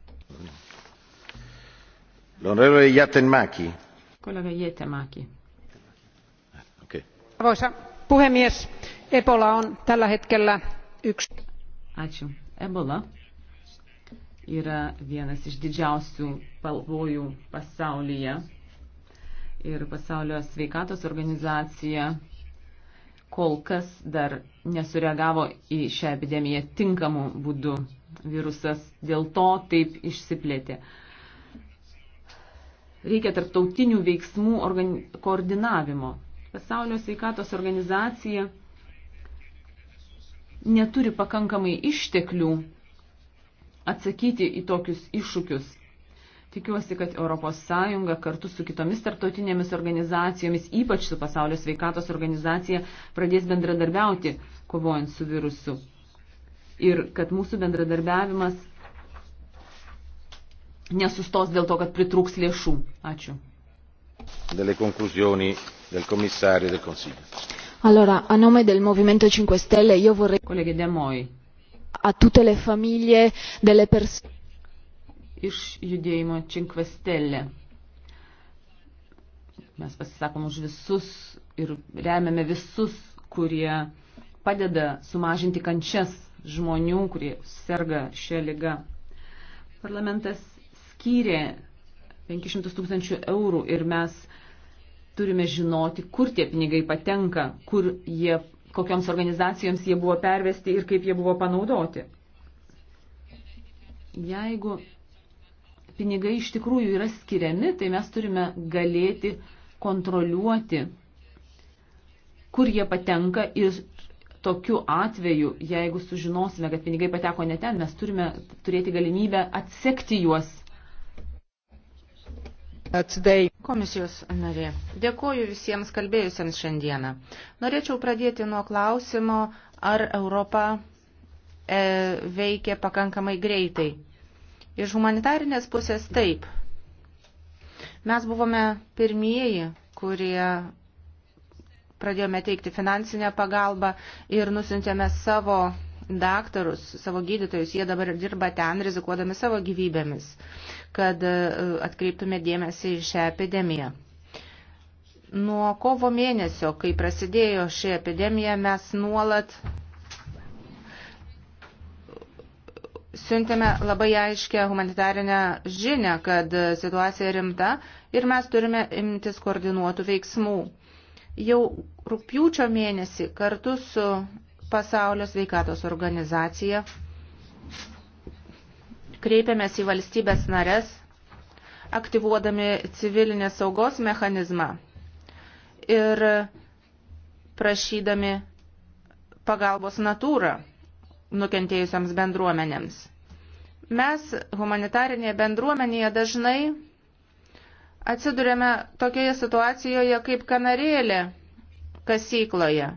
L'onorevole Jätenmäki. Kollega Jätenmäki. Okay. Arvoisa puhemies, Ebola on tällä hetkellä yksi. Ačiū. Ebola yra vienas iš didžiausių pavojų pasaulyje. Ir pasaulio sveikatos organizacija kol kas dar nesureagavo į šią epidemiją tinkamu būdu. Virusas dėl to taip išsiplėtė. Reikia tarptautinių veiksmų koordinavimo. Pasaulio sveikatos organizacija neturi pakankamai išteklių atsakyti į tokius iššūkius. Tikiuosi, kad ES kartu su kitomis tarptautinėmis organizacijomis, ypač su Pasaulio sveikatos organizacija, pradės bendradarbiauti kovojant su virusu. Ir kad mūsų bendradarbiavimas nesustos dėl to, kad pritrūks lėšų. Ačiū. Delle conclusioni del commissario e del Consiglio. Allora, a nome del Movimento 5 Stelle io vorrei... Colleghe De Moi. A tutte le famiglie delle persone... Iš judėjimo 5 Stelle. Mes pasisakom už visus ir remiame visus, kurie padeda sumažinti kančias žmonių, kurie serga šią ligą. Parlamentas skyrė 500 tūkstančių eurų ir mes turime žinoti, kur tie pinigai patenka, kur jie, kokioms organizacijoms jie buvo pervesti ir kaip jie buvo panaudoti. Jeigu pinigai iš tikrųjų yra skiriami, tai mes turime galėti kontroliuoti, kur jie patenka ir tokiu atveju, jeigu sužinosime, kad pinigai pateko ne ten, mes turime turėti galimybę atsekti juos Komisijos narė, dėkoju visiems kalbėjusiems šiandieną. Norėčiau pradėti nuo klausimo, ar Europa e, veikia pakankamai greitai. Iš humanitarinės pusės taip. Mes buvome pirmieji, kurie pradėjome teikti finansinę pagalbą ir nusintėme savo daktarus, savo gydytojus, jie dabar dirba ten, rizikuodami savo gyvybėmis, kad e, atkreiptume dėmesį į šią epidemiją. Nuo kovo mėnesio, kai prasidėjo ši epidemija, mes nuolat siuntėme labai aiškę humanitarinę žinę, kad situacija rimta ir mes turime imtis koordinuotų veiksmų. Jau rūpjūčio mėnesį kartu su Pasaulio sveikatos organizacija. Kreipiamės į valstybės nares, aktyvuodami civilinės saugos mechanizmą ir prašydami pagalbos natūrą nukentėjusiams bendruomenėms. Mes humanitarinėje bendruomenėje dažnai atsidurėme tokioje situacijoje kaip kanarėlė kasykloje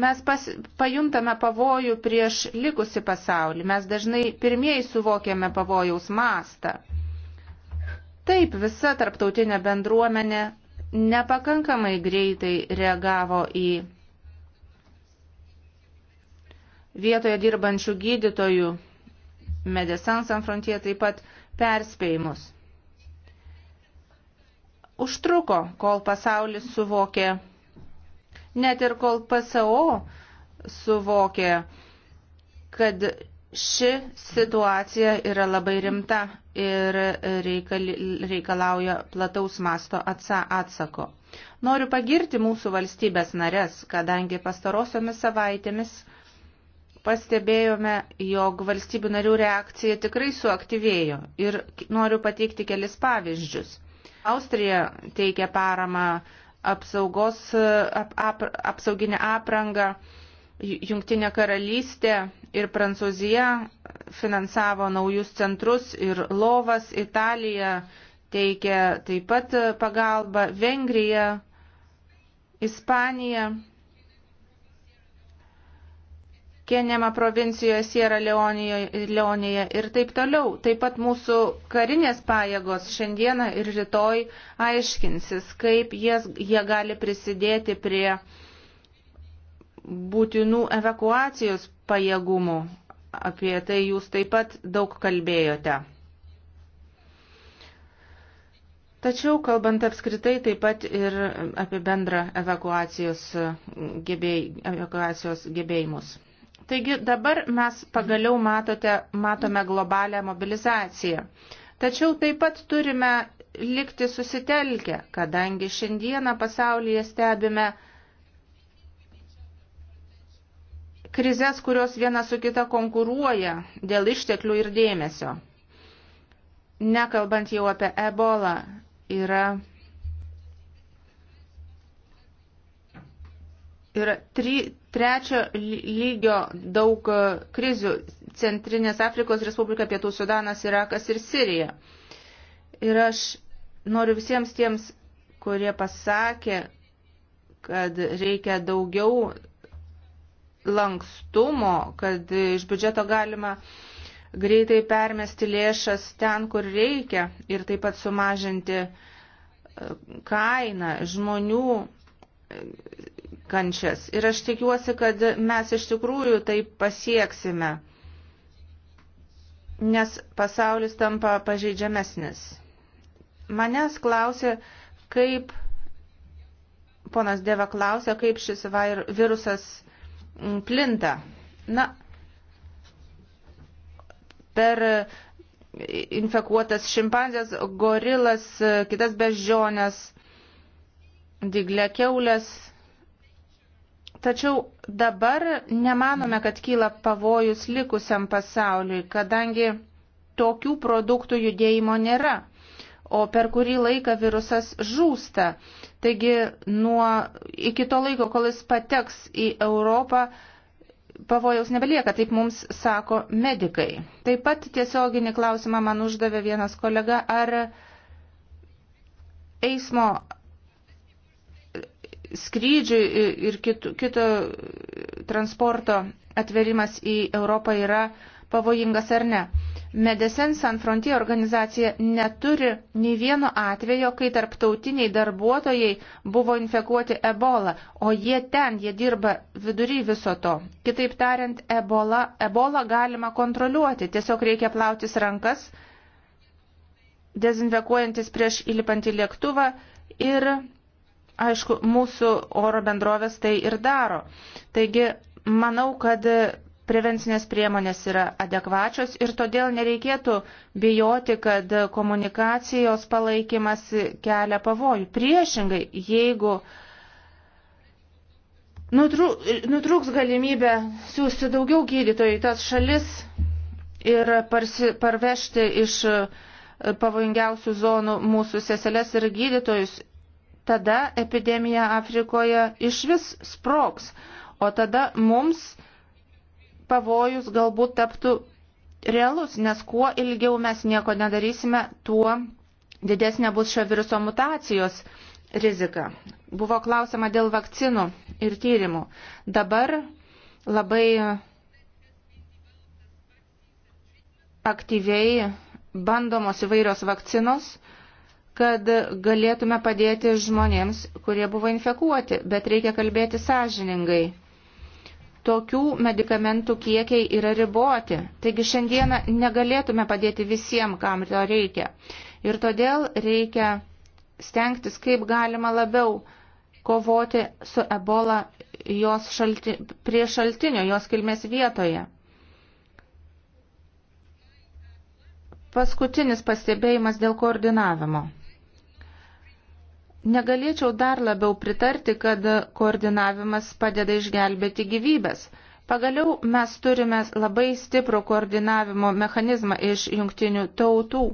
mes pas, pajuntame pavojų prieš likusi pasaulį, mes dažnai pirmieji suvokiame pavojaus mastą. Taip, visa tarptautinė bendruomenė nepakankamai greitai reagavo į vietoje dirbančių gydytojų, Medecins Sans Frontier taip pat perspėjimus. Užtruko, kol pasaulis suvokė Net ir kol PSO suvokė, kad ši situacija yra labai rimta ir reikalauja plataus masto atsako. Noriu pagirti mūsų valstybės narės, kadangi pastarosiomis savaitėmis pastebėjome, jog valstybių narių reakcija tikrai suaktyvėjo ir noriu pateikti kelis pavyzdžius. Austrija teikia paramą apsaugos, ap, ap, apsauginę aprangą. Jungtinė karalystė ir Prancūzija finansavo naujus centrus ir lovas, Italija teikia taip pat pagalbą, Vengrija, Ispanija Kenema provincijoje, Sierra Leonėje ir taip toliau. Taip pat mūsų karinės pajėgos šiandieną ir rytoj aiškinsis, kaip jas, jie gali prisidėti prie būtinų evakuacijos pajėgumų. Apie tai jūs taip pat daug kalbėjote. Tačiau, kalbant apskritai, taip pat ir apie bendrą evakuacijos, gebėj, evakuacijos gebėjimus. Taigi dabar mes pagaliau matote, matome globalią mobilizaciją. Tačiau taip pat turime likti susitelkę, kadangi šiandieną pasaulyje stebime krizės, kurios viena su kita konkuruoja dėl išteklių ir dėmesio. Nekalbant jau apie ebolą, yra yra tri, trečio lygio daug e, krizių - Centrinės Afrikos Respublika, Pietų Sudanas, Irakas ir Sirija. Ir aš noriu visiems tiems, kurie pasakė, kad reikia daugiau lankstumo, kad iš biudžeto galima greitai permesti lėšas ten, kur reikia ir taip pat sumažinti e, kainą žmonių kančias. Ir aš tikiuosi, kad mes iš tikrųjų tai pasieksime, nes pasaulis tampa pažeidžiamesnis. Manęs klausė, kaip, ponas Deva klausė, kaip šis virusas plinta. Na, per infekuotas šimpanzės, gorilas, kitas beždžionės diglę keulės. Tačiau dabar nemanome, kad kyla pavojus likusiam pasauliui, kadangi tokių produktų judėjimo nėra, o per kurį laiką virusas žūsta. Taigi nuo iki to laiko, kol jis pateks į Europą, pavojaus nebelieka, taip mums sako medikai. Taip pat tiesioginį klausimą man uždavė vienas kolega, ar eismo skrydžių ir kito, kito transporto atverimas į Europą yra pavojingas ar ne. Medecins San Frontier organizacija neturi nei vieno atvejo, kai tarptautiniai darbuotojai buvo infekuoti ebola, o jie ten, jie dirba vidury viso to. Kitaip tariant, ebola, ebola galima kontroliuoti, tiesiog reikia plautis rankas, dezinfekuojantis prieš įlipant į lėktuvą ir Aišku, mūsų oro bendrovės tai ir daro. Taigi, manau, kad prevencinės priemonės yra adekvačios ir todėl nereikėtų bijoti, kad komunikacijos palaikymas kelia pavojų. Priešingai, jeigu nutrūks galimybę siūsti daugiau gydytojų į tas šalis ir parsi, parvežti iš pavojingiausių zonų mūsų seseles ir gydytojus, tada epidemija Afrikoje iš vis sproks, o tada mums pavojus galbūt taptų realus, nes kuo ilgiau mes nieko nedarysime, tuo didesnė bus šio viruso mutacijos rizika. Buvo klausima dėl vakcinų ir tyrimų. Dabar labai aktyviai bandomos įvairios vakcinos, kad galėtume padėti žmonėms, kurie buvo infekuoti, bet reikia kalbėti sąžiningai. Tokių medikamentų kiekiai yra riboti, taigi šiandieną negalėtume padėti visiems, kam to reikia. Ir todėl reikia stengtis kaip galima labiau kovoti su ebola jos šalti, prie šaltinio, jos kilmės vietoje. Paskutinis pastebėjimas dėl koordinavimo. Negalėčiau dar labiau pritarti, kad koordinavimas padeda išgelbėti gyvybės. Pagaliau mes turime labai stiprų koordinavimo mechanizmą iš jungtinių tautų.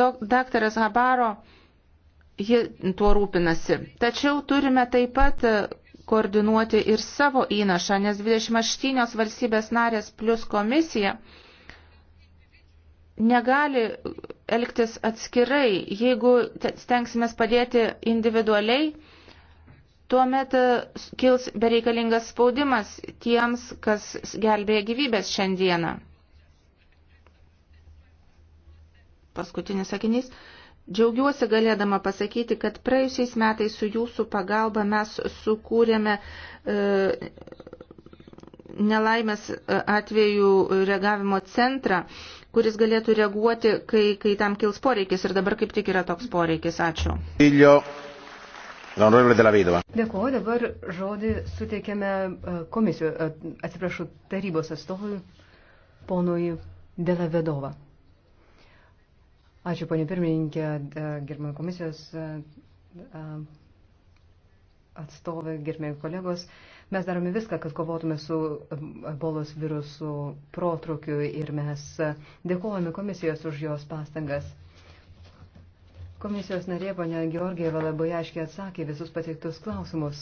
Daktaras Habaro, ji tuo rūpinasi. Tačiau turime taip pat koordinuoti ir savo įnašą, nes 28 valstybės narės plus komisija negali elgtis atskirai. Jeigu stengsime padėti individualiai, tuomet e, kils bereikalingas spaudimas tiems, kas gelbėja gyvybės šiandieną. Paskutinis sakinys. Džiaugiuosi galėdama pasakyti, kad praėjusiais metais su jūsų pagalba mes sukūrėme e, nelaimės e, atveju reagavimo centrą. E, kuris galėtų reaguoti, kai, kai tam kils poreikis. Ir dabar kaip tik yra toks poreikis. Ačiū. Dėkuoju, dabar žodį suteikėme e, komisijų, e, atsiprašau, tarybos atstovui, ponui Delavedova. Ačiū, ponė pirmininkė, e, gerbimo komisijos atstovai, gerbimo kolegos. Mes darome viską, kad kovotume su bolos virusų protrukiu ir mes dėkojame komisijos už jos pastangas. Komisijos narė ponia Georgieva labai aiškiai atsakė visus pateiktus klausimus.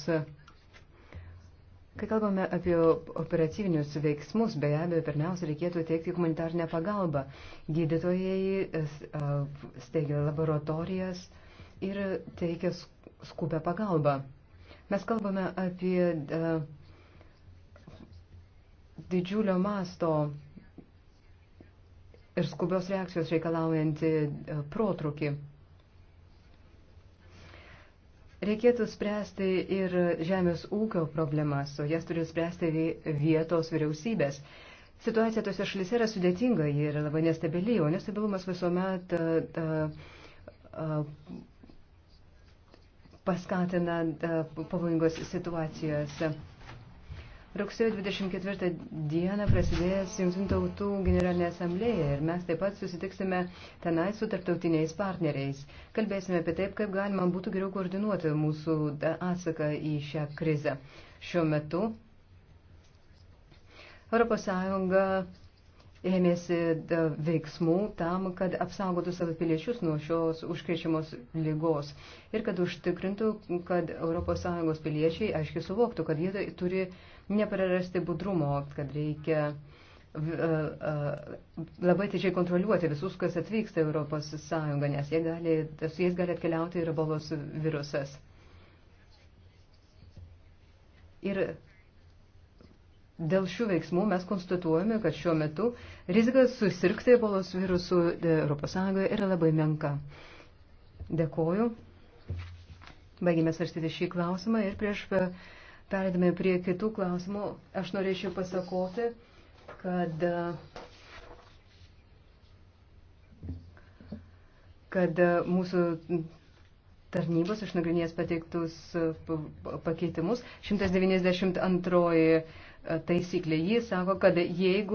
Kai kalbame apie operatyvinius veiksmus, be abejo, pirmiausia, reikėtų teikti humanitarnę pagalbą. Gydytojai steigia laboratorijas ir teikia skubę pagalbą. Mes kalbame apie e, didžiulio masto ir skubios reakcijos reikalaujantį e, protrukį. Reikėtų spręsti ir žemės ūkio problemas, o jas turi spręsti vietos vyriausybės. Situacija tose šalyse yra sudėtinga, ji yra labai nestabili, o nestabilumas visuomet. Uh, uh, paskatina e, pavojingos situacijos. Rugsėjo 24 dieną prasidės Junktinių tautų generalinė asamblėja ir mes taip pat susitiksime tenai su tarptautiniais partneriais. Kalbėsime apie taip, kaip galima būtų geriau koordinuoti mūsų e, atsaką į šią krizę. Šiuo metu ES ėmėsi veiksmų tam, kad apsaugotų savo piliečius nuo šios užkrečiamos lygos ir kad užtikrintų, kad ES piliečiai aiškiai suvoktų, kad jie tai turi neprarasti budrumo, kad reikia labai tiečiai kontroliuoti visus, kas atvyksta Europos Sąjungą, nes jie gali, su jais gali atkeliauti ir bolos virusas. Ir Dėl šių veiksmų mes konstatuojame, kad šiuo metu rizika susirgti ebolos virusu ES yra labai menka. Dėkoju. Baigime svarstyti šį klausimą ir prieš e, perėdami prie kitų klausimų aš norėčiau pasakoti, kad, e, kad e, mūsų tarnybos išnagrinės pateiktus pakeitimus. 192 taisyklė. Jis sako, kad jeigu